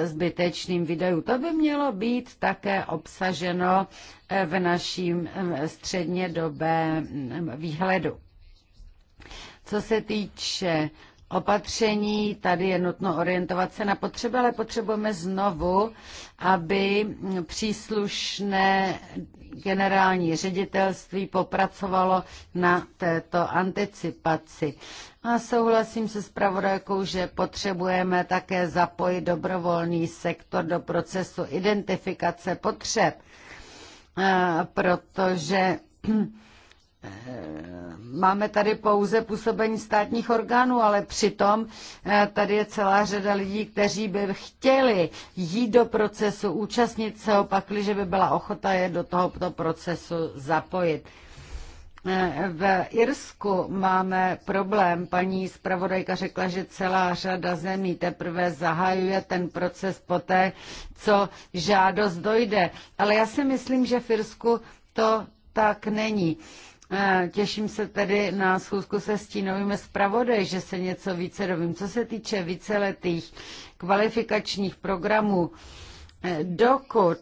zbytečným videu To by mělo být také obsaženo eh, v naším eh, střednědobém mm, výhledu. Co se týče opatření, tady je nutno orientovat se na potřeby, ale potřebujeme znovu, aby mm, příslušné generální ředitelství popracovalo na této anticipaci. A souhlasím se zpravodajkou, že potřebujeme také zapojit dobrovolný sektor do procesu identifikace potřeb, eh, protože eh, Máme tady pouze působení státních orgánů, ale přitom eh, tady je celá řada lidí, kteří by chtěli jít do procesu, účastnit se opakli, že by byla ochota je do tohoto procesu zapojit. V Irsku máme problém. Paní zpravodajka řekla, že celá řada zemí teprve zahajuje ten proces poté, co žádost dojde. Ale já si myslím, že v Irsku to tak není. Eh, těším se tedy na schůzku se stínovými zpravodaj, že se něco více dovím. Co se týče víceletých kvalifikačních programů, eh, dokud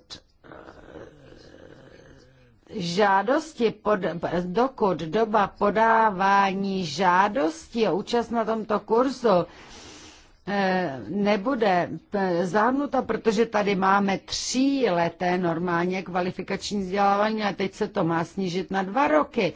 žádosti, pod, dokud doba podávání žádosti o účast na tomto kurzu eh, nebude eh, zahrnuta, protože tady máme tří leté normálně kvalifikační vzdělávání a teď se to má snížit na dva roky.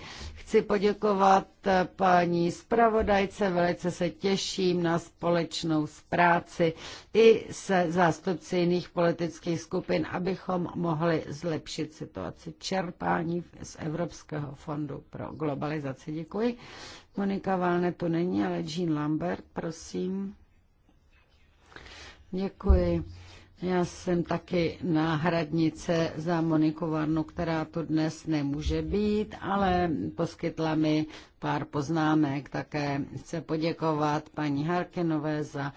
Chci poděkovat eh, paní zpravodajce, velice se těším na společnou spráci i se zástupci jiných politických skupin, abychom mohli zlepšit situaci čerpání z Evropského fondu pro globalizaci. Děkuji. Monika Valne tu není, ale Jean Lambert, prosím. Děkuji. Já jsem taky náhradnice za Moniku Varnu, která tu dnes nemůže být, ale poskytla mi pár poznámek. Také chci poděkovat paní Harkinové za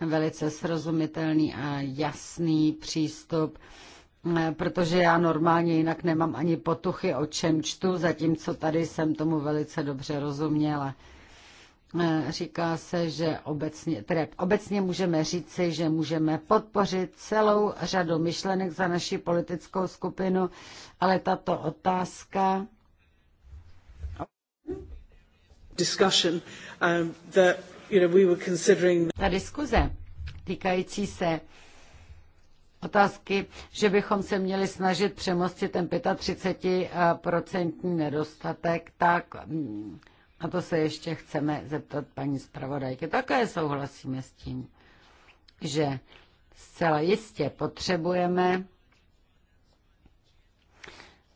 velice srozumitelný a jasný přístup eh, protože já normálně jinak nemám ani potuchy, o čem čtu, zatímco tady jsem tomu velice dobře rozuměla. Eh, říká se, že obecně, tedy obecně můžeme říci, že můžeme podpořit celou řadu myšlenek za naši politickou skupinu, ale tato otázka discussion um, that you know we were considering ta diskuze týkající se otázky, že bychom se měli snažit přemostit ten 35% nedostatek, tak mm, a to se ještě chceme zeptat paní zpravodajky. Také souhlasíme s tím, že zcela jistě potřebujeme,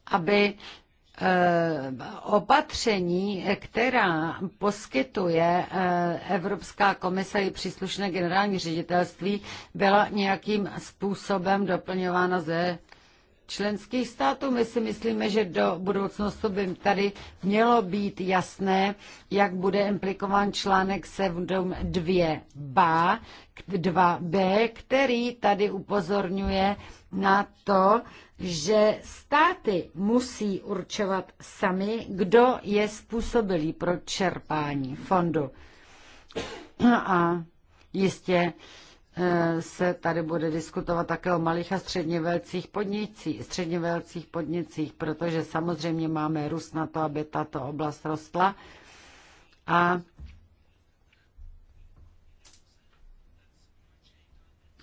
aby eh, opatření, která poskytuje eh, Evropská komise i příslušné generální ředitelství, byla nějakým způsobem doplňována ze členských států. My si myslíme, že do budoucnosti by tady mělo být jasné, jak bude implikován článek 7.2b, 2b, který tady upozorňuje na to, že státy musí určovat sami, kdo je způsobilý pro čerpání fondu. A jistě Eh, se tady bude diskutovat také o malých a středně velcích podnicích, středně velcích podnicích, protože samozřejmě máme růst na to, aby tato oblast rostla. A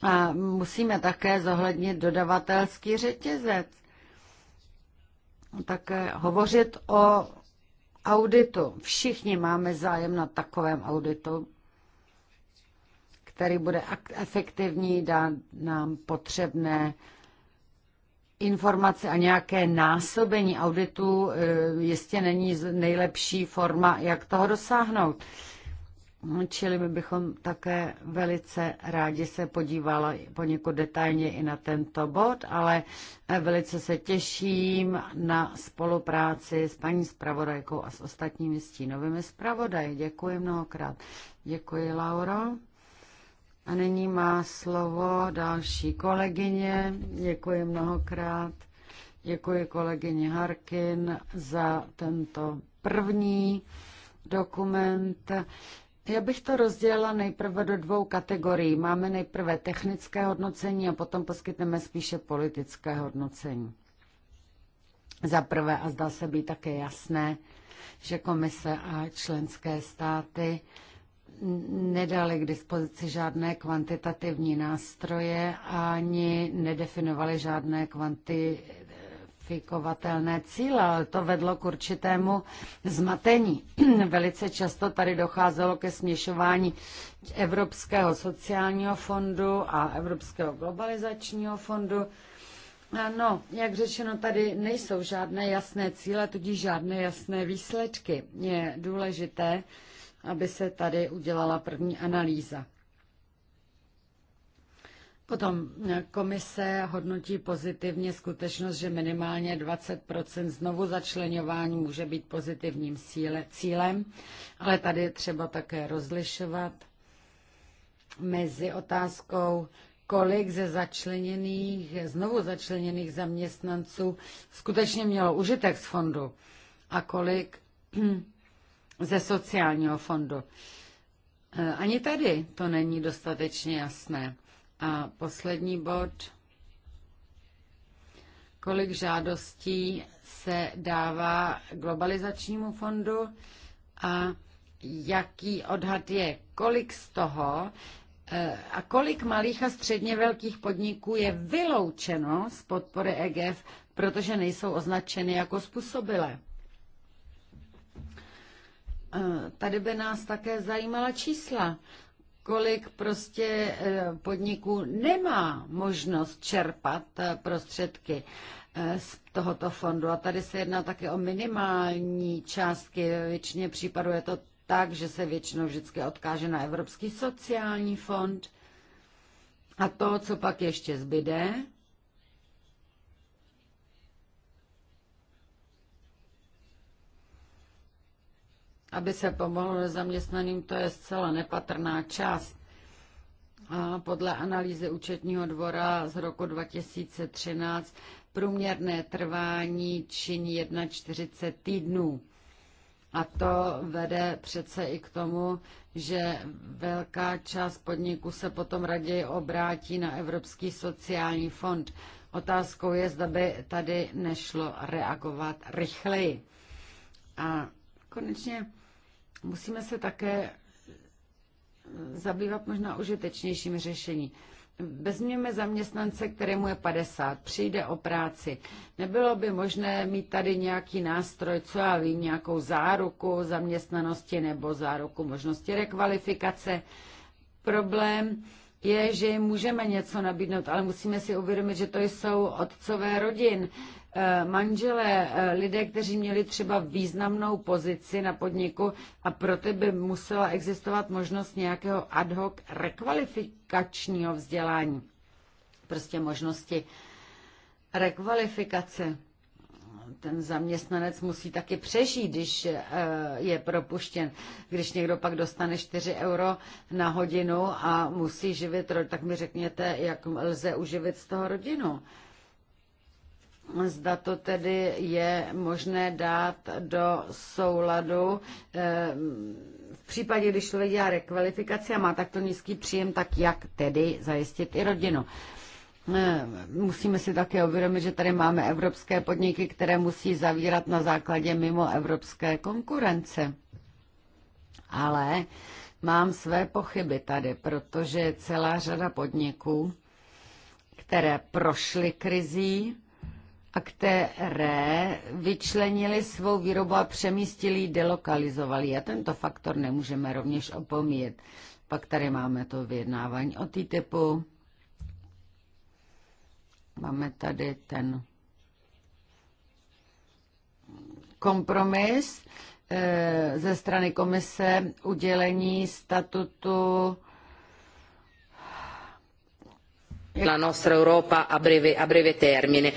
A musíme také zohlednit dodavatelský řetězec. Také hovořit o auditu. Všichni máme zájem na takovém auditu který bude efektivní, dá nám potřebné informace a nějaké násobení auditu eh, jistě není nejlepší forma, jak toho dosáhnout. Čili my bychom také velice rádi se podívala poněkud detailně i na tento bod, ale eh, velice se těším na spolupráci s paní zpravodajkou a s ostatními stínovými zpravodaji. Děkuji mnohokrát. Děkuji, Lauro. A nyní má slovo další kolegyně. Děkuji mnohokrát. Děkuji kolegyně Harkin za tento první dokument. Já bych to rozdělila nejprve do dvou kategorií. Máme nejprve technické hodnocení a potom poskytneme spíše politické hodnocení. Za prvé, a zdá se být také jasné, že komise a členské státy nedali k dispozici žádné kvantitativní nástroje ani nedefinovali žádné kvantifikovatelné cíle, ale to vedlo k určitému zmatení. Velice často tady docházelo ke směšování Evropského sociálního fondu a Evropského globalizačního fondu. No, jak řečeno, tady nejsou žádné jasné cíle, tudíž žádné jasné výsledky. Je důležité, aby se tady udělala první analýza. Potom komise hodnotí pozitivně skutečnost, že minimálně 20 znovu začlenování může být pozitivním cílem, ale tady je třeba také rozlišovat mezi otázkou, kolik ze začleněných, znovu začleněných zaměstnanců skutečně mělo užitek z fondu a kolik ze sociálního fondu. E, ani tady to není dostatečně jasné. A poslední bod. Kolik žádostí se dává globalizačnímu fondu a jaký odhad je, kolik z toho e, a kolik malých a středně velkých podniků je vyloučeno z podpory EGF, protože nejsou označeny jako způsobilé. Tady by nás také zajímala čísla, kolik prostě eh, podniků nemá možnost čerpat eh, prostředky eh, z tohoto fondu. A tady se jedná také o minimální částky. Většině případů je to tak, že se většinou vždycky odkáže na Evropský sociální fond. A to, co pak ještě zbyde, aby se pomohlo nezaměstnaným, to je zcela nepatrná část. A podle analýzy účetního dvora z roku 2013 průměrné trvání činí 140 týdnů. A to vede přece i k tomu, že velká část podniků se potom raději obrátí na Evropský sociální fond. Otázkou je, zda by tady nešlo reagovat rychleji. A konečně Musíme se také zabývat možná užitečnějšími řešení. Vezměme zaměstnance, kterému je 50, přijde o práci. Nebylo by možné mít tady nějaký nástroj, co já vím, nějakou záruku zaměstnanosti nebo záruku možnosti rekvalifikace. Problém je, že jim můžeme něco nabídnout, ale musíme si uvědomit, že to jsou otcové rodin, Eh, manželé eh, lidé, kteří měli třeba významnou pozici na podniku a pro by musela existovat možnost nějakého ad hoc rekvalifikačního vzdělání. Prostě možnosti rekvalifikace. Ten zaměstnanec musí taky přežít, když eh, je propuštěn. Když někdo pak dostane 4 euro na hodinu a musí živit, tak mi řekněte, jak lze uživit z toho rodinu zda to tedy je možné dát do souladu. Eh, v případě, když člověk dělá rekvalifikaci a má takto nízký příjem, tak jak tedy zajistit i rodinu? Eh, musíme si také uvědomit, že tady máme evropské podniky, které musí zavírat na základě mimo evropské konkurence. Ale mám své pochyby tady, protože celá řada podniků, které prošly krizí, a které vyčlenili svou výrobu a přemístili ji, delokalizovali. A tento faktor nemůžeme rovněž opomíjet. Pak tady máme to vyjednávání o typu. Máme tady ten kompromis eh, ze strany komise udělení statutu la nostra Europa a breve, a breve termine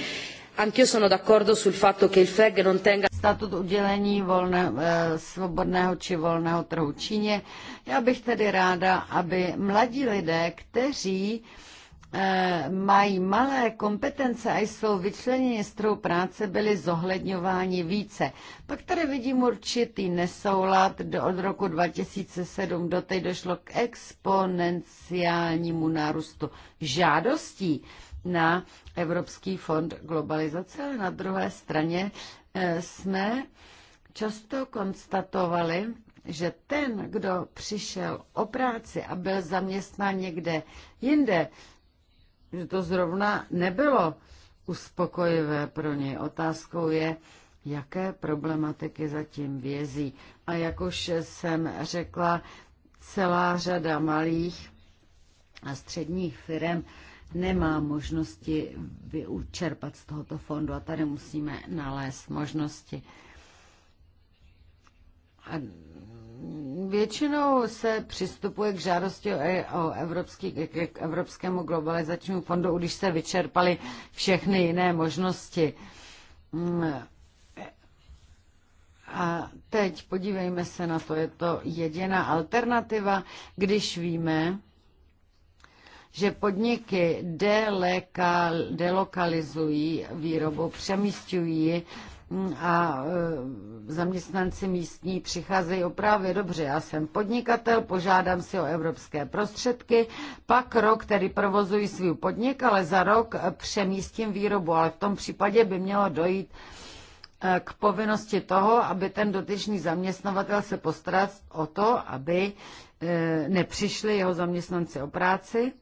Anch'io sono d'accordo sul fatto che il FEG non tenga... Statut udělení volné, eh, svobodného či volného trhu Číně. Já bych tedy ráda, aby mladí lidé, kteří eh, mají malé kompetence a jsou vyčleněni z trhu práce, byly zohledňováni více. Pak tady vidím určitý nesoulad. Do, od roku 2007 do té došlo k exponenciálnímu nárůstu žádostí na Evropský fond globalizace, ale na druhé straně eh, jsme často konstatovali, že ten, kdo přišel o práci a byl zaměstnán někde jinde, že to zrovna nebylo uspokojivé pro něj. Otázkou je, jaké problematiky zatím vězí. A jak už jsem řekla, celá řada malých a středních firm nemá možnosti vyučerpat z tohoto fondu a tady musíme nalézt možnosti. A většinou se přistupuje k žádosti o, evropský, k Evropskému globalizačnímu fondu, když se vyčerpaly všechny jiné možnosti. Mm. A teď podívejme se na to, je to jediná alternativa, když víme, že podniky delekal, delokalizují výrobu, přemístují ji mm, a e, zaměstnanci místní přicházejí opravdu dobře. Já jsem podnikatel, požádám si o evropské prostředky, pak rok tedy provozuji svůj podnik, ale za rok přemístím výrobu, ale v tom případě by mělo dojít e, k povinnosti toho, aby ten dotyčný zaměstnavatel se postaral o to, aby e, nepřišli jeho zaměstnanci o práci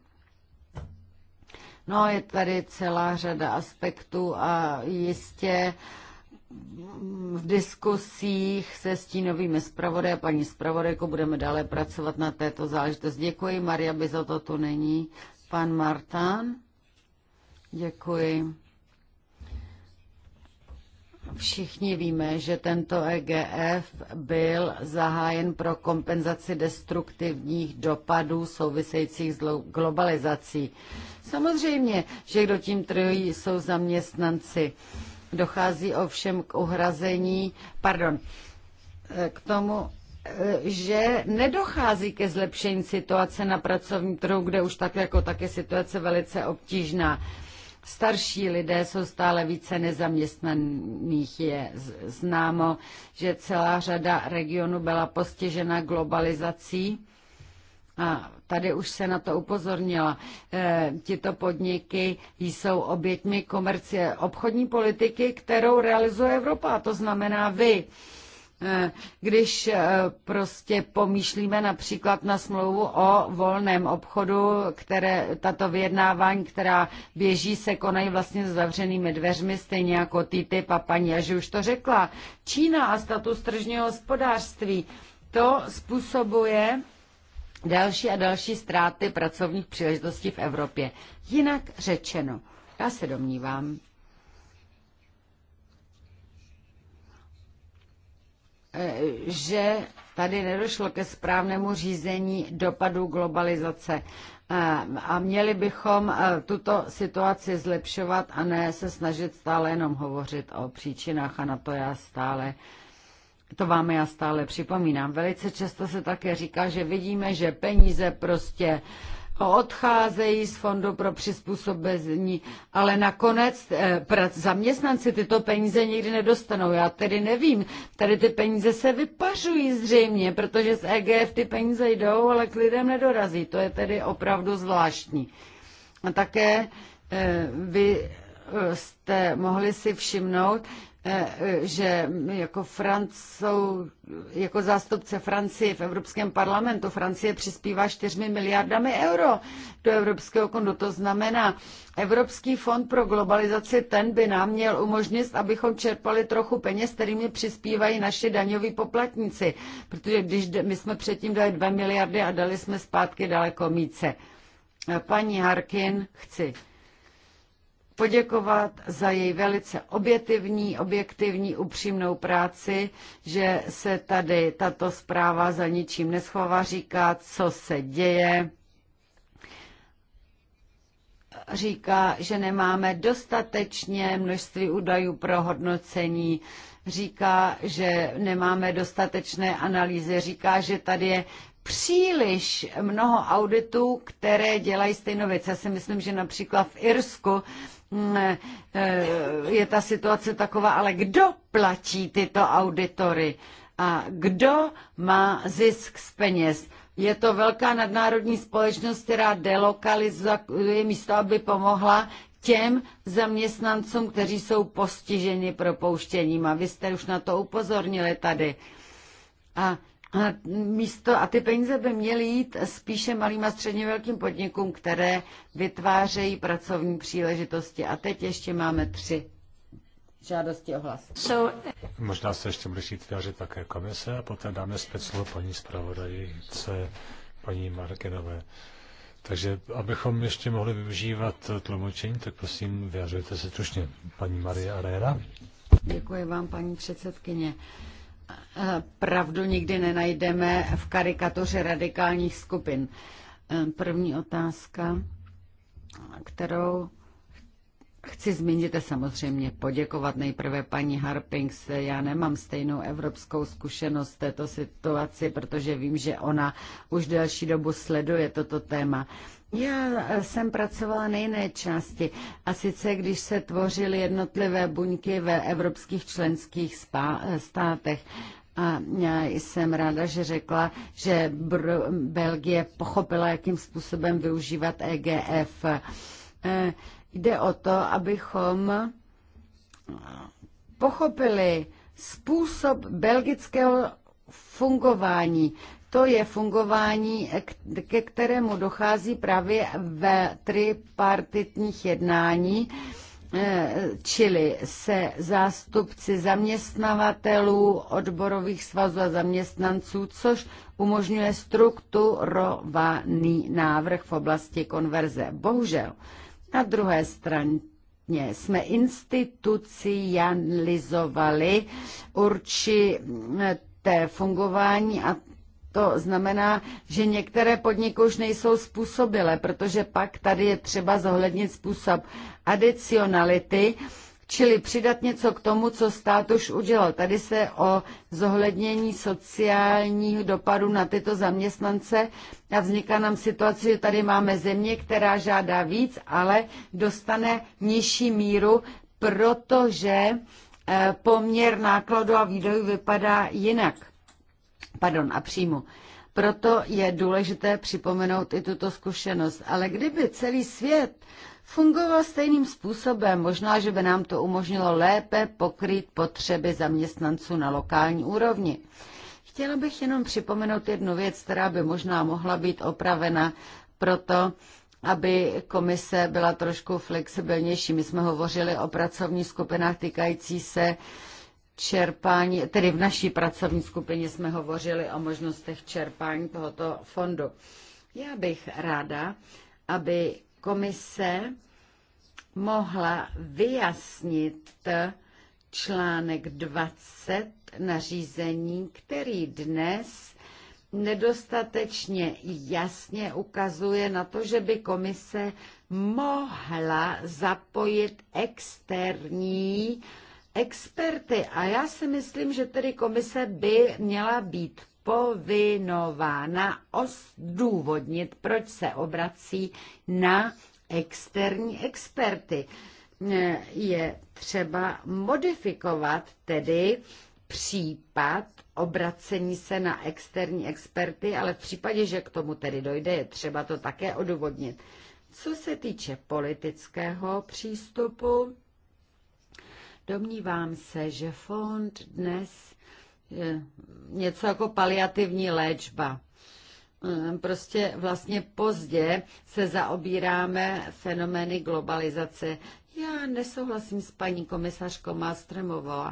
No, je tady celá řada aspektů a jistě v diskusích se stínovými zpravodaj a paní zpravodajko budeme dále pracovat na této záležitosti. Děkuji, Maria to tu není. Pan Martán, děkuji. Všichni víme, že tento EGF byl zahájen pro kompenzaci destruktivních dopadů souvisejících s globalizací. Samozřejmě, že kdo tím trhují, jsou zaměstnanci. Dochází ovšem k uhrazení, pardon, eh, k tomu, eh, že nedochází ke zlepšení situace na pracovním trhu, kde už tak jako tak je situace velice obtížná. Starší lidé jsou stále více nezaměstnaných. Je známo, že celá řada regionů byla postižena globalizací. A tady už se na to upozornila. E, tito podniky jsou oběťmi komercie obchodní politiky, kterou realizuje Evropa, a to znamená vy. E, Eh, když eh, prostě pomýšlíme například na smlouvu o volném obchodu, které tato vyjednávání, která běží, se konají vlastně s zavřenými dveřmi, stejně jako TTIP a paní Aži už to řekla. Čína a status tržního hospodářství, to způsobuje další a další ztráty pracovních příležitostí v Evropě. Jinak řečeno, já se domnívám, Eh, že tady nedošlo ke správnému řízení dopadů globalizace. Eh, a měli bychom eh, tuto situaci zlepšovat a ne se snažit stále jenom hovořit o příčinách a na to já stále to vám já stále připomínám. Velice často se také říká, že vidíme, že peníze prostě uh, odcházejí z fondu pro přizpůsobení, ale nakonec eh, zaměstnanci tyto peníze nikdy nedostanou. Já tedy nevím, tady ty peníze se vypařují zřejmě, protože z EGF ty peníze jdou, ale k lidem nedorazí. To je tedy opravdu zvláštní. A také eh, vy eh, jste mohli si všimnout, Eh, eh, že jako, Francou, jako zástupce Francie v Evropském parlamentu Francie přispívá 4 miliardami euro do Evropského fondu. To znamená, Evropský fond pro globalizaci, ten by nám měl umožnit, abychom čerpali trochu peněz, kterými přispívají naši daňoví poplatníci. Protože když my jsme předtím dali 2 miliardy a dali jsme zpátky daleko více. Eh, paní Harkin, chci poděkovat za její velice objektivní, objektivní, upřímnou práci, že se tady tato zpráva za ničím neschová, říká, co se děje říká, že nemáme dostatečně množství údajů pro hodnocení, říká, že nemáme dostatečné analýzy, říká, že tady je příliš mnoho auditů, které dělají stejnou věc. Já si myslím, že například v Irsku E, je ta situace taková, ale kdo platí tyto auditory a kdo má zisk z peněz? Je to velká nadnárodní společnost, která delokalizuje místo, aby pomohla těm zaměstnancům, kteří jsou postiženi propouštěním. A vy jste už na to upozornili tady. A místo a ty peníze by měly jít spíše malým a středně velkým podnikům, které vytvářejí pracovní příležitosti. A teď ještě máme tři žádosti o hlas. So, Možná se ještě bude chtít vyjádřit také komise a poté dáme zpět slovo paní zpravodajce, paní Markinové. Takže abychom ještě mohli využívat tlumočení, tak prosím vyjadřujte se tušně. Paní Maria Arera. Děkuji vám, paní předsedkyně. Uh, Eh, pravdu nikdy nenajdeme v karikatuře radikálních skupin. Eh, první otázka, kterou Chci zmínit je samozřejmě poděkovat nejprve paní Harpings. Já nemám stejnou evropskou zkušenost této situaci, protože vím, že ona už delší dobu sleduje toto téma. Já jsem pracovala na jiné části, a sice když se tvořily jednotlivé buňky ve evropských členských státech. A já jsem ráda, že řekla, že Br- Belgie pochopila, jakým způsobem využívat EGF. E, jde o to, abychom pochopili způsob belgického fungování, to je fungování, ke kterému dochází právě ve tripartitních jednání, eh, čili se zástupci zaměstnavatelů, odborových svazů a zaměstnanců, což umožňuje strukturovaný návrh v oblasti konverze. Bohužel, na druhé straně Jsme institucionalizovali určité fungování a to znamená, že některé podniky už nejsou způsobile, protože pak tady je třeba zohlednit způsob adicionality, čili přidat něco k tomu, co stát už udělal. Tady se o zohlednění sociálních dopadů na tyto zaměstnance a vzniká nám situace, že tady máme země, která žádá víc, ale dostane nižší míru, protože eh, poměr nákladu a výdajů vypadá jinak pardon, a příjmu. Proto je důležité připomenout i tuto zkušenost. Ale kdyby celý svět fungoval stejným způsobem, možná, že by nám to umožnilo lépe pokrýt potřeby zaměstnanců na lokální úrovni. Chtěla bych jenom připomenout jednu věc, která by možná mohla být opravena proto, aby komise byla trošku flexibilnější. My jsme hovořili o pracovních skupinách týkající se uh, čerpání, tedy v naší pracovní skupině jsme hovořili o možnostech čerpání tohoto fondu. Já bych ráda, aby komise mohla vyjasnit článek 20 nařízení, který dnes nedostatečně jasně ukazuje na to, že by komise mohla zapojit externí uh, experty. A já si myslím, že tedy komise by měla být povinována osdůvodnit, proč se obrací na externí experty. Je třeba modifikovat tedy případ obracení se na externí experty, ale v případě, že k tomu tedy dojde, je třeba to také odůvodnit. Co se týče politického přístupu, Domnívám se, že fond dnes je eh, něco jako paliativní léčba. Eh, prostě vlastně pozdě se zaobíráme fenomény globalizace. Já nesouhlasím s paní komisařkou Mastremovou,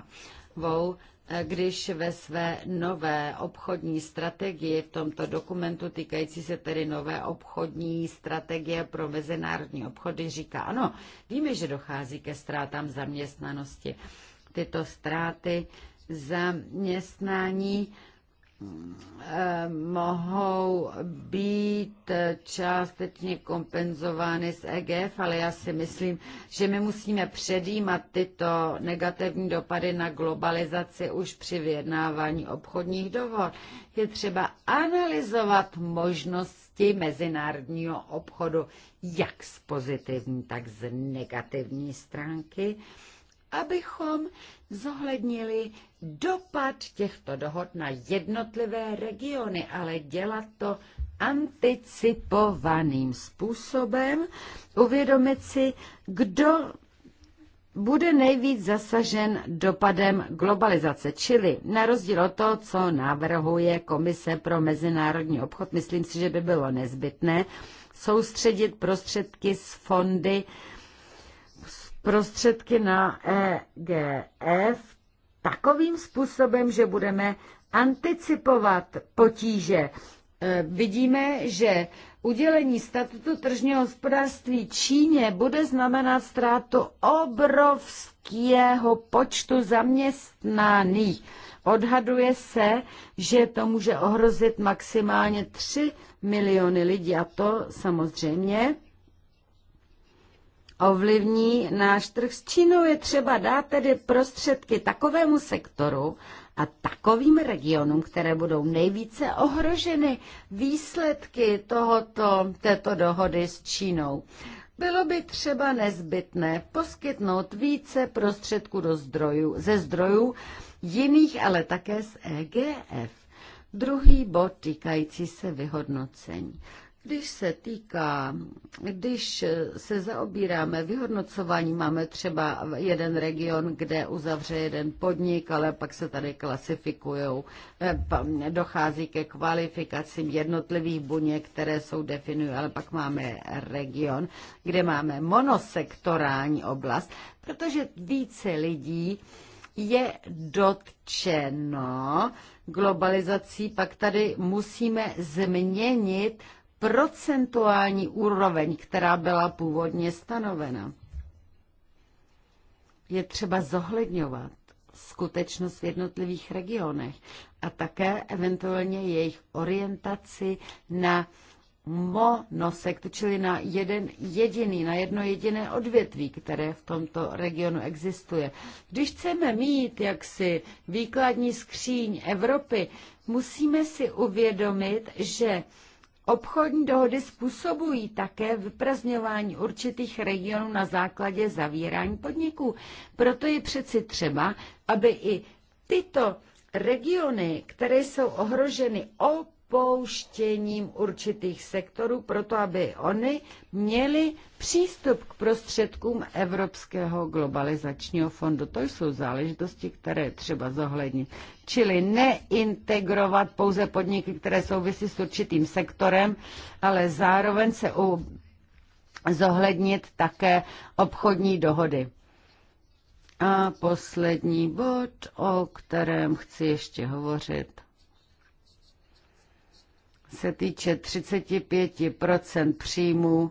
když ve své nové obchodní strategii v tomto dokumentu týkající se tedy nové obchodní strategie pro mezinárodní obchody říká, ano, víme, že dochází ke ztrátám zaměstnanosti. Tyto ztráty zaměstnání Eh, mohou být částečně kompenzovány z EGF, ale já si myslím, že my musíme předjímat tyto negativní dopady na globalizaci už při vyjednávání obchodních dohod. Je třeba analyzovat možnosti mezinárodního obchodu jak z pozitivní, tak z negativní stránky abychom zohlednili dopad těchto dohod na jednotlivé regiony, ale dělat to anticipovaným způsobem, uvědomit si, kdo bude nejvíc zasažen dopadem globalizace, čili na rozdíl od toho, co navrhuje Komise pro mezinárodní obchod, myslím si, že by bylo nezbytné soustředit prostředky z fondy prostředky na EGF takovým způsobem, že budeme anticipovat potíže. E, vidíme, že udělení statutu tržního hospodářství Číně bude znamenat ztrátu obrovského počtu zaměstnaných. Odhaduje se, že to může ohrozit maximálně 3 miliony lidí a to samozřejmě ovlivní náš trh s Čínou, je třeba dát tedy prostředky takovému sektoru a takovým regionům, které budou nejvíce ohroženy výsledky tohoto, této dohody s Čínou. Bylo by třeba nezbytné poskytnout více prostředků do zdrojů, ze zdrojů jiných, ale také z EGF. Druhý bod týkající se vyhodnocení. Když se týká, když se zaobíráme vyhodnocování, máme třeba jeden region, kde uzavře jeden podnik, ale pak se tady klasifikují, eh, dochází ke kvalifikacím jednotlivých buněk, které jsou definují, ale pak máme region, kde máme monosektorální oblast, protože více lidí je dotčeno globalizací, pak tady musíme změnit procentuální úroveň, která byla původně stanovena. Je třeba zohledňovat skutečnost v jednotlivých regionech a také eventuálně jejich orientaci na monosek, čili na jeden jediný, na jedno jediné odvětví, které v tomto regionu existuje. Když chceme mít jaksi výkladní skříň Evropy, musíme si uvědomit, že Obchodní dohody způsobují také vyprazňování určitých regionů na základě zavírání podniků. Proto je přeci třeba, aby i tyto regiony, které jsou ohroženy o vypouštěním určitých sektorů, proto aby oni měli přístup k prostředkům Evropského globalizačního fondu. To jsou záležitosti, které třeba zohlednit. Čili neintegrovat pouze podniky, které souvisí s určitým sektorem, ale zároveň se u... zohlednit také obchodní dohody. A poslední bod, o kterém chci ještě hovořit se týče 35% příjmů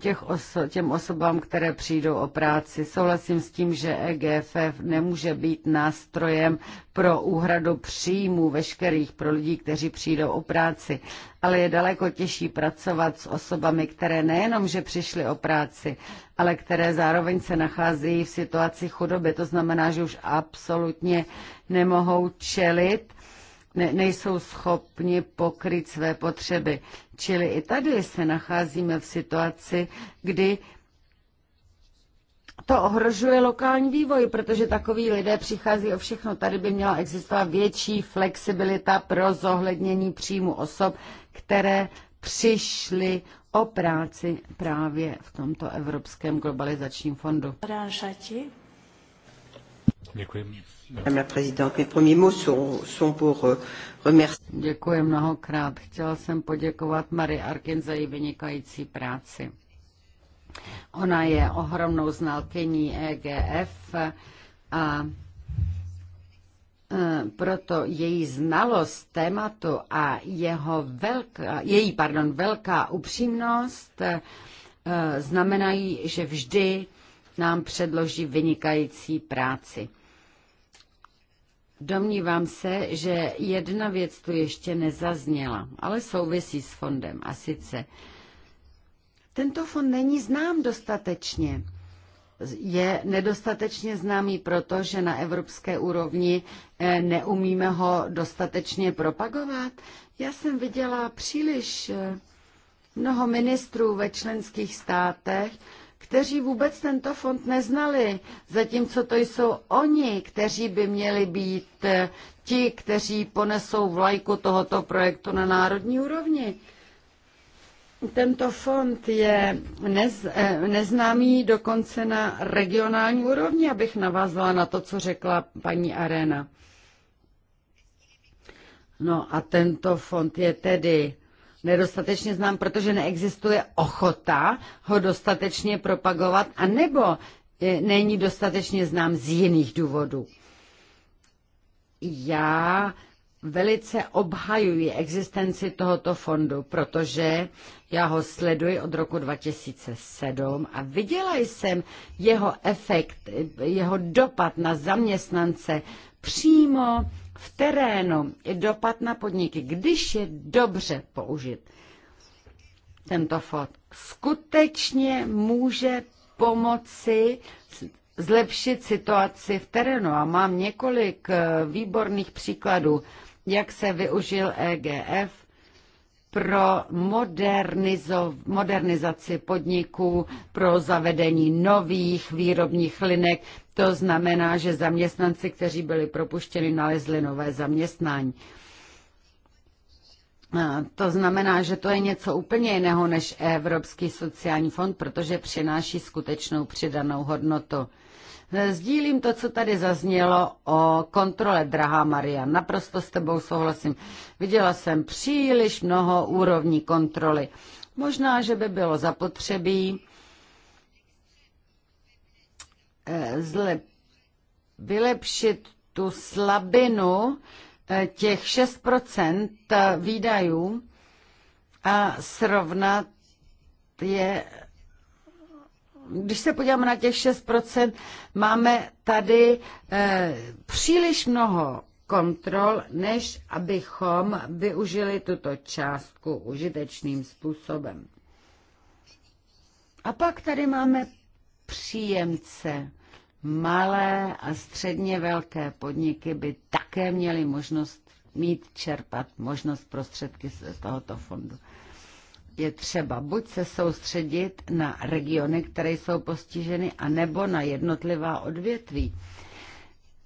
těch oso- těm osobám, které přijdou o práci. Souhlasím s tím, že EGFF nemůže být nástrojem pro úhradu příjmů veškerých pro lidí, kteří přijdou o práci, ale je daleko těžší pracovat s osobami, které nejenom, že přišly o práci, ale které zároveň se nacházejí v situaci chudoby. To znamená, že už absolutně nemohou čelit ne, nejsou schopni pokryt své potřeby. Čili i tady se nacházíme v situaci, kdy to ohrožuje lokální vývoj, protože takový lidé přichází o všechno. Tady by měla existovat větší flexibilita pro zohlednění příjmu osob, které přišly o práci právě v tomto Evropském globalizačním fondu. Děkuji. Euh, Děkuji mnohokrát. Chtěla jsem poděkovat Marie Arkin za její vynikající práci. Ona je ohromnou znalkyní EGF a e, proto její znalost tématu a jeho velká, její pardon, velká upřímnost e, znamenají, že vždy nám předloží vynikající práci. Domnívám se, že jedna věc tu ještě nezazněla, ale souvisí s fondem. A sice, tento fond není znám dostatečně. Je nedostatečně známý proto, že na evropské úrovni eh, neumíme ho dostatečně propagovat. Já jsem viděla příliš eh, mnoho ministrů ve členských státech, kteří vůbec tento fond neznali, zatímco to jsou oni, kteří by měli být eh, ti, kteří ponesou vlajku tohoto projektu na národní úrovni. Tento fond je nez, eh, neznámý dokonce na regionální úrovni, abych navázala na to, co řekla paní Arena. No a tento fond je tedy nedostatečně znám, protože neexistuje ochota ho dostatečně propagovat, anebo e, není dostatečně znám z jiných důvodů. Já velice obhajuji existenci tohoto fondu, protože já ho sleduji od roku 2007 a viděla jsem jeho efekt, e, jeho dopad na zaměstnance přímo v terénu i dopad na podniky, když je dobře použit tento fond, skutečně může pomoci zlepšit situaci v terénu. A mám několik eh, výborných příkladů, jak se využil EGF pro modernizaci podniků, pro zavedení nových výrobních linek. To znamená, že zaměstnanci, kteří byli propuštěni, nalezli nové zaměstnání. To znamená, že to je něco úplně jiného než Evropský sociální fond, protože přináší skutečnou přidanou hodnotu. Sdílím to, co tady zaznělo o kontrole, drahá Maria. Naprosto s tebou souhlasím. Viděla jsem příliš mnoho úrovní kontroly. Možná, že by bylo zapotřebí eh, zlep, vylepšit tu slabinu eh, těch 6% eh, výdajů a srovnat je když se podíváme na těch 6%, máme tady eh, příliš mnoho kontrol, než abychom využili tuto částku užitečným způsobem. A pak tady máme příjemce. Malé a středně velké podniky by také měly možnost mít čerpat možnost prostředky z tohoto fondu je třeba buď se soustředit na regiony, které jsou postiženy, anebo na jednotlivá odvětví.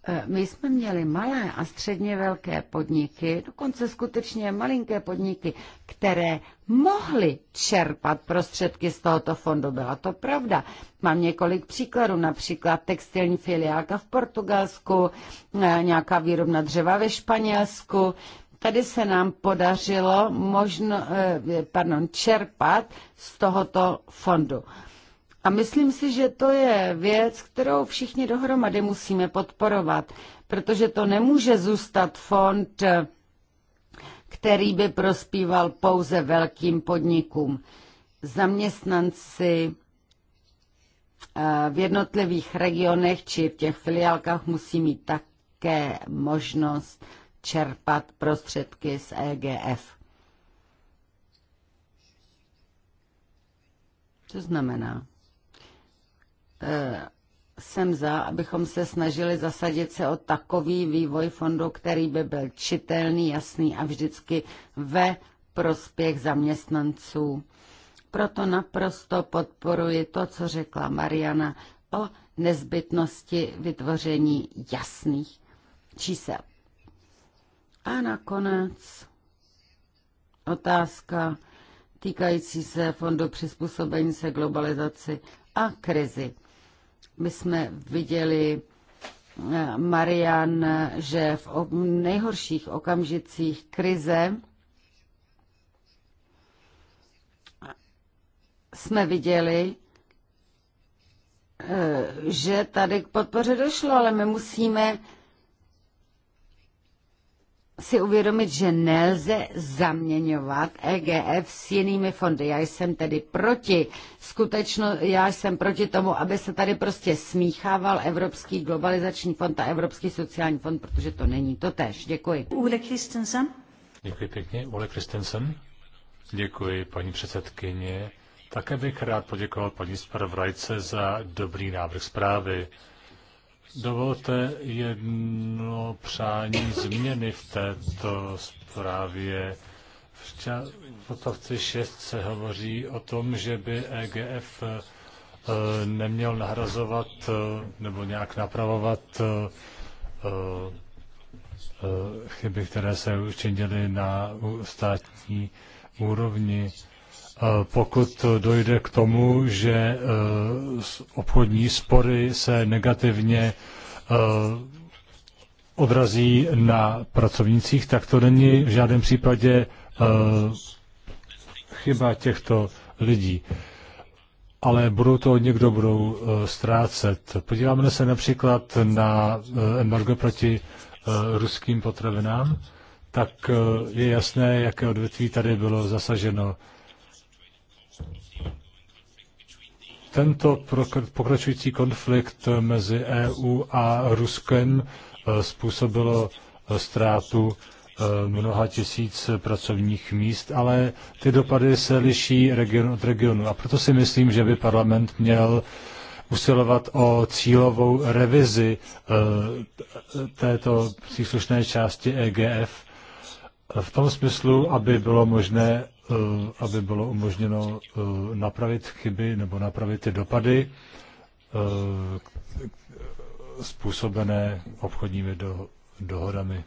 E, my jsme měli malé a středně velké podniky, dokonce skutečně malinké podniky, které mohly čerpat prostředky z tohoto fondu. Byla to pravda. Mám několik příkladů, například textilní filiálka v Portugalsku, e, nějaká výrobna dřeva ve Španělsku, Tady se nám podařilo možno, eh, pardon, čerpat z tohoto fondu. A myslím si, že to je věc, kterou všichni dohromady musíme podporovat, protože to nemůže zůstat fond, který by prospíval pouze velkým podnikům. Zaměstnanci eh, v jednotlivých regionech či v těch filiálkách musí mít také možnost čerpat prostředky z EGF. To znamená, eh, jsem za, abychom se snažili zasadit se o takový vývoj fondu, který by byl čitelný, jasný a vždycky ve prospěch zaměstnanců. Proto naprosto podporuji to, co řekla Mariana o nezbytnosti vytvoření jasných čísel. A nakonec otázka týkající se fondu přizpůsobení se globalizaci a krizi. My jsme viděli, eh, Marian, že v nejhorších okamžicích krize jsme viděli, eh, že tady k podpoře došlo, ale my musíme si uvědomit, že nelze zaměňovat EGF s jinými fondy. Já jsem tedy proti, skutečno, já jsem proti tomu, aby se tady prostě smíchával Evropský globalizační fond a Evropský sociální fond, protože to není to tež. Děkuji. Ule Kristensen. Děkuji pěkně. Ule Kristensen. Děkuji, paní předsedkyně. Také bych rád poděkoval paní zpravodajce za dobrý návrh zprávy. Dovolte jedno přání změny v této zprávě. V odstavci 6 se hovoří o tom, že by EGF e, neměl nahrazovat e, nebo nějak napravovat e, chyby, které se učinily na státní úrovni. Eh, pokud dojde k tomu, že eh, obchodní spory se negativně eh, odrazí na pracovnících, tak to není v žádném případě chyba těchto lidí. Ale budou to někdo budou ztrácet. Podíváme se například na embargo proti ruským potravinám, tak je jasné, jaké odvětví tady bylo zasaženo. Tento pokračující konflikt mezi EU a Ruskem eh, způsobilo eh, ztrátu eh, mnoha tisíc pracovních míst, ale ty dopady se liší region od regionu. A proto si myslím, že by parlament měl usilovat o cílovou revizi této příslušné části EGF v tom smyslu, aby bylo možné, eh, aby bylo umožněno eh, napravit chyby nebo napravit ty dopady eh, způsobené obchodními do, dohodami.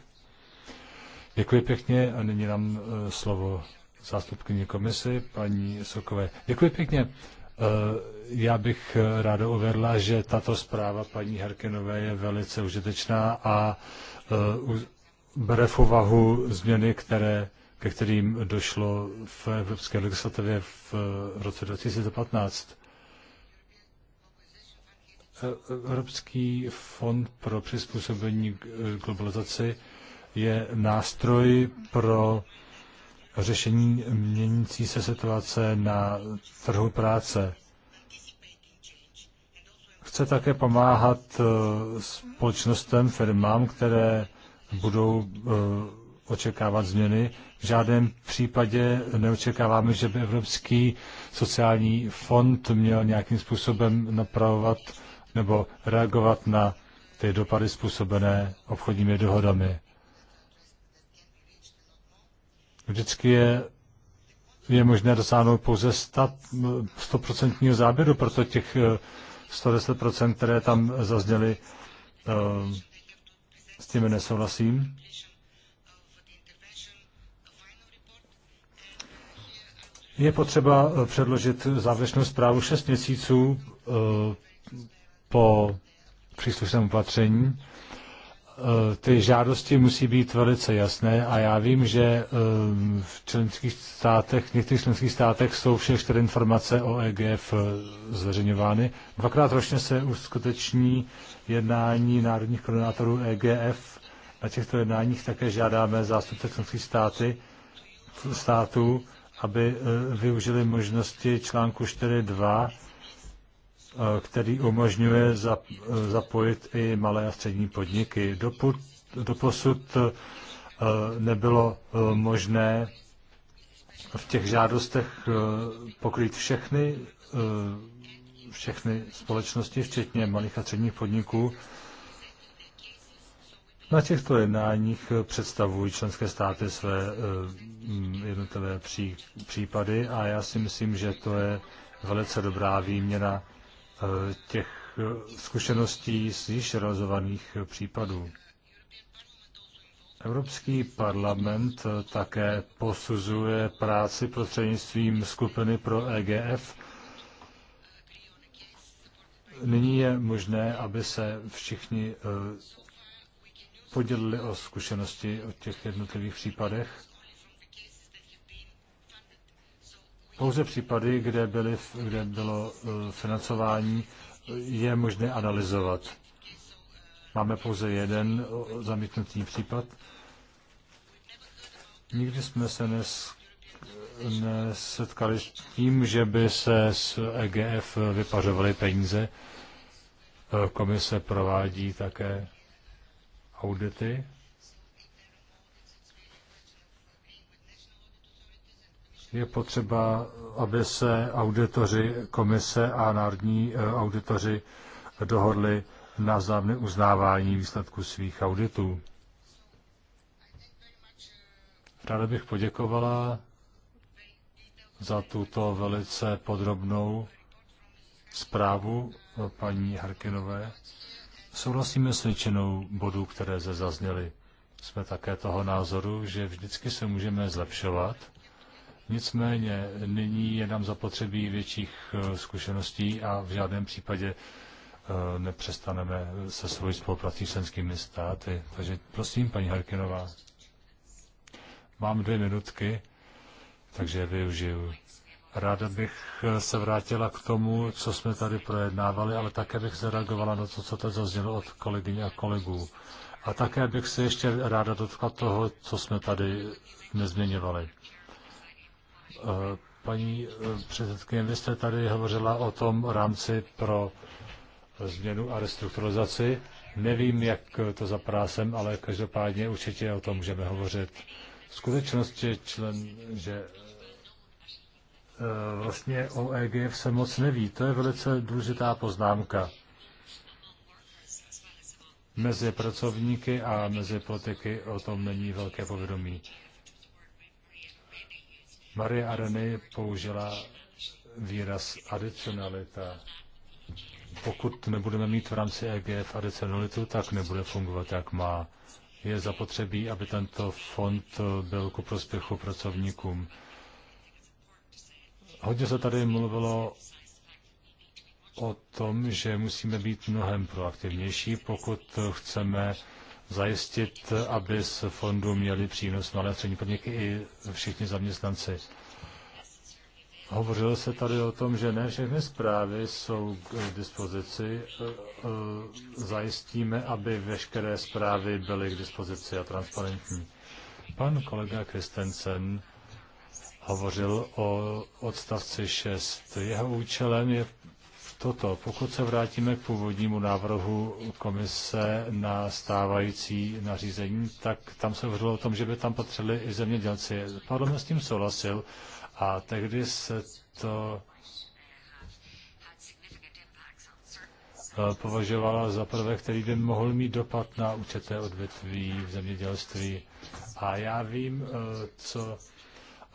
Děkuji pěkně a nyní nám slovo zástupkyně komisy, paní Sokové. Děkuji pěkně. Já bych ráda uvedla, že tato zpráva paní Herkenové je velice užitečná a bere v úvahu změny, které, ke kterým došlo v evropské legislativě v roce 2015. Evropský fond pro přizpůsobení globalizaci je nástroj pro řešení měnící se situace na trhu práce. Chce také pomáhat společnostem, firmám, které budou eh, očekávat změny. V žádném případě neočekáváme, že by Evropský sociální fond měl nějakým způsobem napravovat nebo reagovat na ty dopady způsobené obchodními dohodami. Vždycky je, je možné dosáhnout pouze 100% záběru, proto těch 110%, eh, které tam zazněly, eh, s tím nesouhlasím. Je potřeba eh, předložit závěrečnou zprávu 6 měsíců eh, po příslušném opatření. Eh, ty žádosti musí být velice jasné a já vím, že eh, v členských státech, v některých členských státech jsou všechny čtyři informace o EGF eh, zveřejňovány. Dvakrát ročně se uskuteční jednání národních koordinátorů EGF. Na těchto jednáních také žádáme zástupce členských státy, států, aby využili možnosti článku Eh, který umožňuje eh, zapojit i malé a střední podniky. doposud eh, nebylo možné v těch žádostech pokrýt všechny, všechny společnosti, včetně malých a středních podniků. Na těchto jednáních představují členské státy své jednotlivé pří, případy a já si myslím, že to je velice dobrá výměna těch eh, zkušeností z již realizovaných případů. Evropský parlament eh, také posuzuje práci prostřednictvím skupiny pro EGF. Nyní je možné, aby se všichni eh, podělili o zkušenosti o těch jednotlivých případech Pouze případy, kde, byly, kde bylo eh, financování, je možné analyzovat. Máme pouze jeden eh, zamítnutý případ. Nikdy jsme se nes, nesetkali s tím, že by se z EGF vypařovaly peníze. Eh, komise provádí také audity Je potřeba, aby se auditoři komise a národní eh, auditoři dohodli na vzájemné uznávání výsledků svých auditů. Ráda bych poděkovala za tuto velice podrobnou zprávu paní Harkinové. Souhlasíme s většinou bodů, které zde zazněly. Jsme také toho názoru, že vždycky se můžeme zlepšovat Nicméně nyní je nám zapotřebí větších eh, zkušeností a v žádném případě eh, nepřestaneme se svojí spoluprací s členskými státy. Takže prosím, paní Harkinová, mám dvě minutky, takže je využiju. Ráda bych eh, se vrátila k tomu, co jsme tady projednávali, ale také bych zareagovala na to, co tady zaznělo od kolegyně a kolegů. A také bych se ještě ráda dotkla toho, co jsme tady nezměňovali. Eh, paní eh, předsedkyně, vy jste tady hovořila o tom rámci pro změnu a restrukturalizaci. Nevím, jak to zapadá sem, ale každopádně určitě o tom můžeme hovořit. V je člen, že eh, vlastně o EGF se moc neví. To je velice důležitá poznámka mezi pracovníky a mezi politiky o tom není velké povědomí. Marie Areny použila výraz adicionalita. Pokud nebudeme mít v rámci EGF adicionalitu, tak nebude fungovat, jak má. Je zapotřebí, aby tento fond byl ku prospěchu pracovníkům. Hodně se tady mluvilo o tom, že musíme být mnohem proaktivnější, pokud chceme zajistit, aby z fondu měli přínos malé a střední podniky i všichni zaměstnanci. Hovořilo se tady o tom, že ne všechny zprávy jsou k dispozici. Zajistíme, aby veškeré zprávy byly k dispozici a transparentní. Pan kolega Kristensen hovořil o odstavci 6. Jeho účelem je toto. Pokud se vrátíme k původnímu návrhu komise na stávající nařízení, tak tam se hovořilo o tom, že by tam patřili i zemědělci. Parlament s tím souhlasil a tehdy se to eh, považovala za prvek, který by mohl mít dopad na určité odvětví v zemědělství. A já vím, eh, co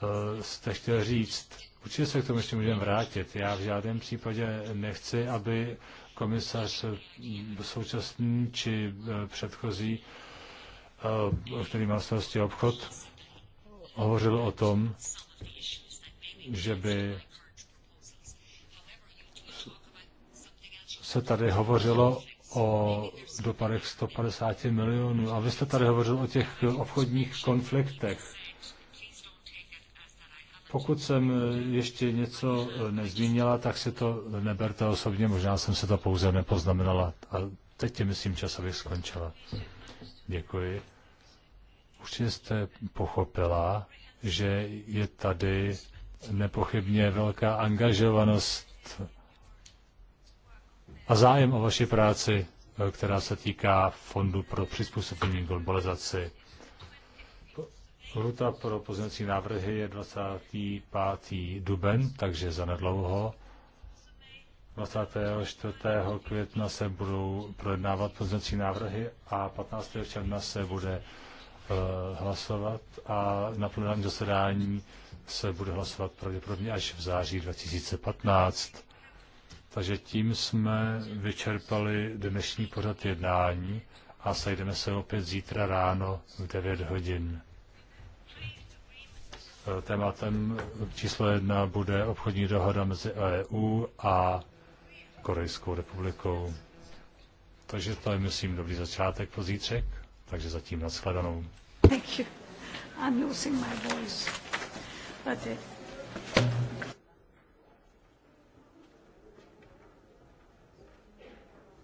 eh, jste chtěl říct. Určitě se k tomu ještě můžeme vrátit. Já v žádném případě nechci, aby komisař eh, současný či eh, předchozí, který eh, má starosti obchod, hovořil o tom, že by se tady hovořilo o dopadech 150 milionů. A vy jste tady hovořil o těch obchodních konfliktech. Pokud jsem e, ještě něco e, nezmínila, tak si to neberte osobně, možná jsem se to pouze nepoznamenala. A teď tě myslím čas, abych skončila. Děkuji. Určitě jste pochopila, že je tady nepochybně velká angažovanost a zájem o vaši práci, e, která se týká Fondu pro přizpůsobení globalizaci. Lhuta pro pozměňovací návrhy je 25. duben, takže zanedlouho. 24. května se budou projednávat pozměňovací návrhy a 15. června se bude eh, hlasovat a na plenárním zasedání se bude hlasovat pravděpodobně až v září 2015. Takže tím jsme vyčerpali dnešní pořad jednání a sejdeme se opět zítra ráno v 9 hodin. Eh, tématem číslo jedna bude obchodní dohoda mezi EU a Korejskou republikou. Takže to je, myslím, dobrý začátek pro zítřek, takže zatím nashledanou. Thank you. I'm losing my voice. That's it.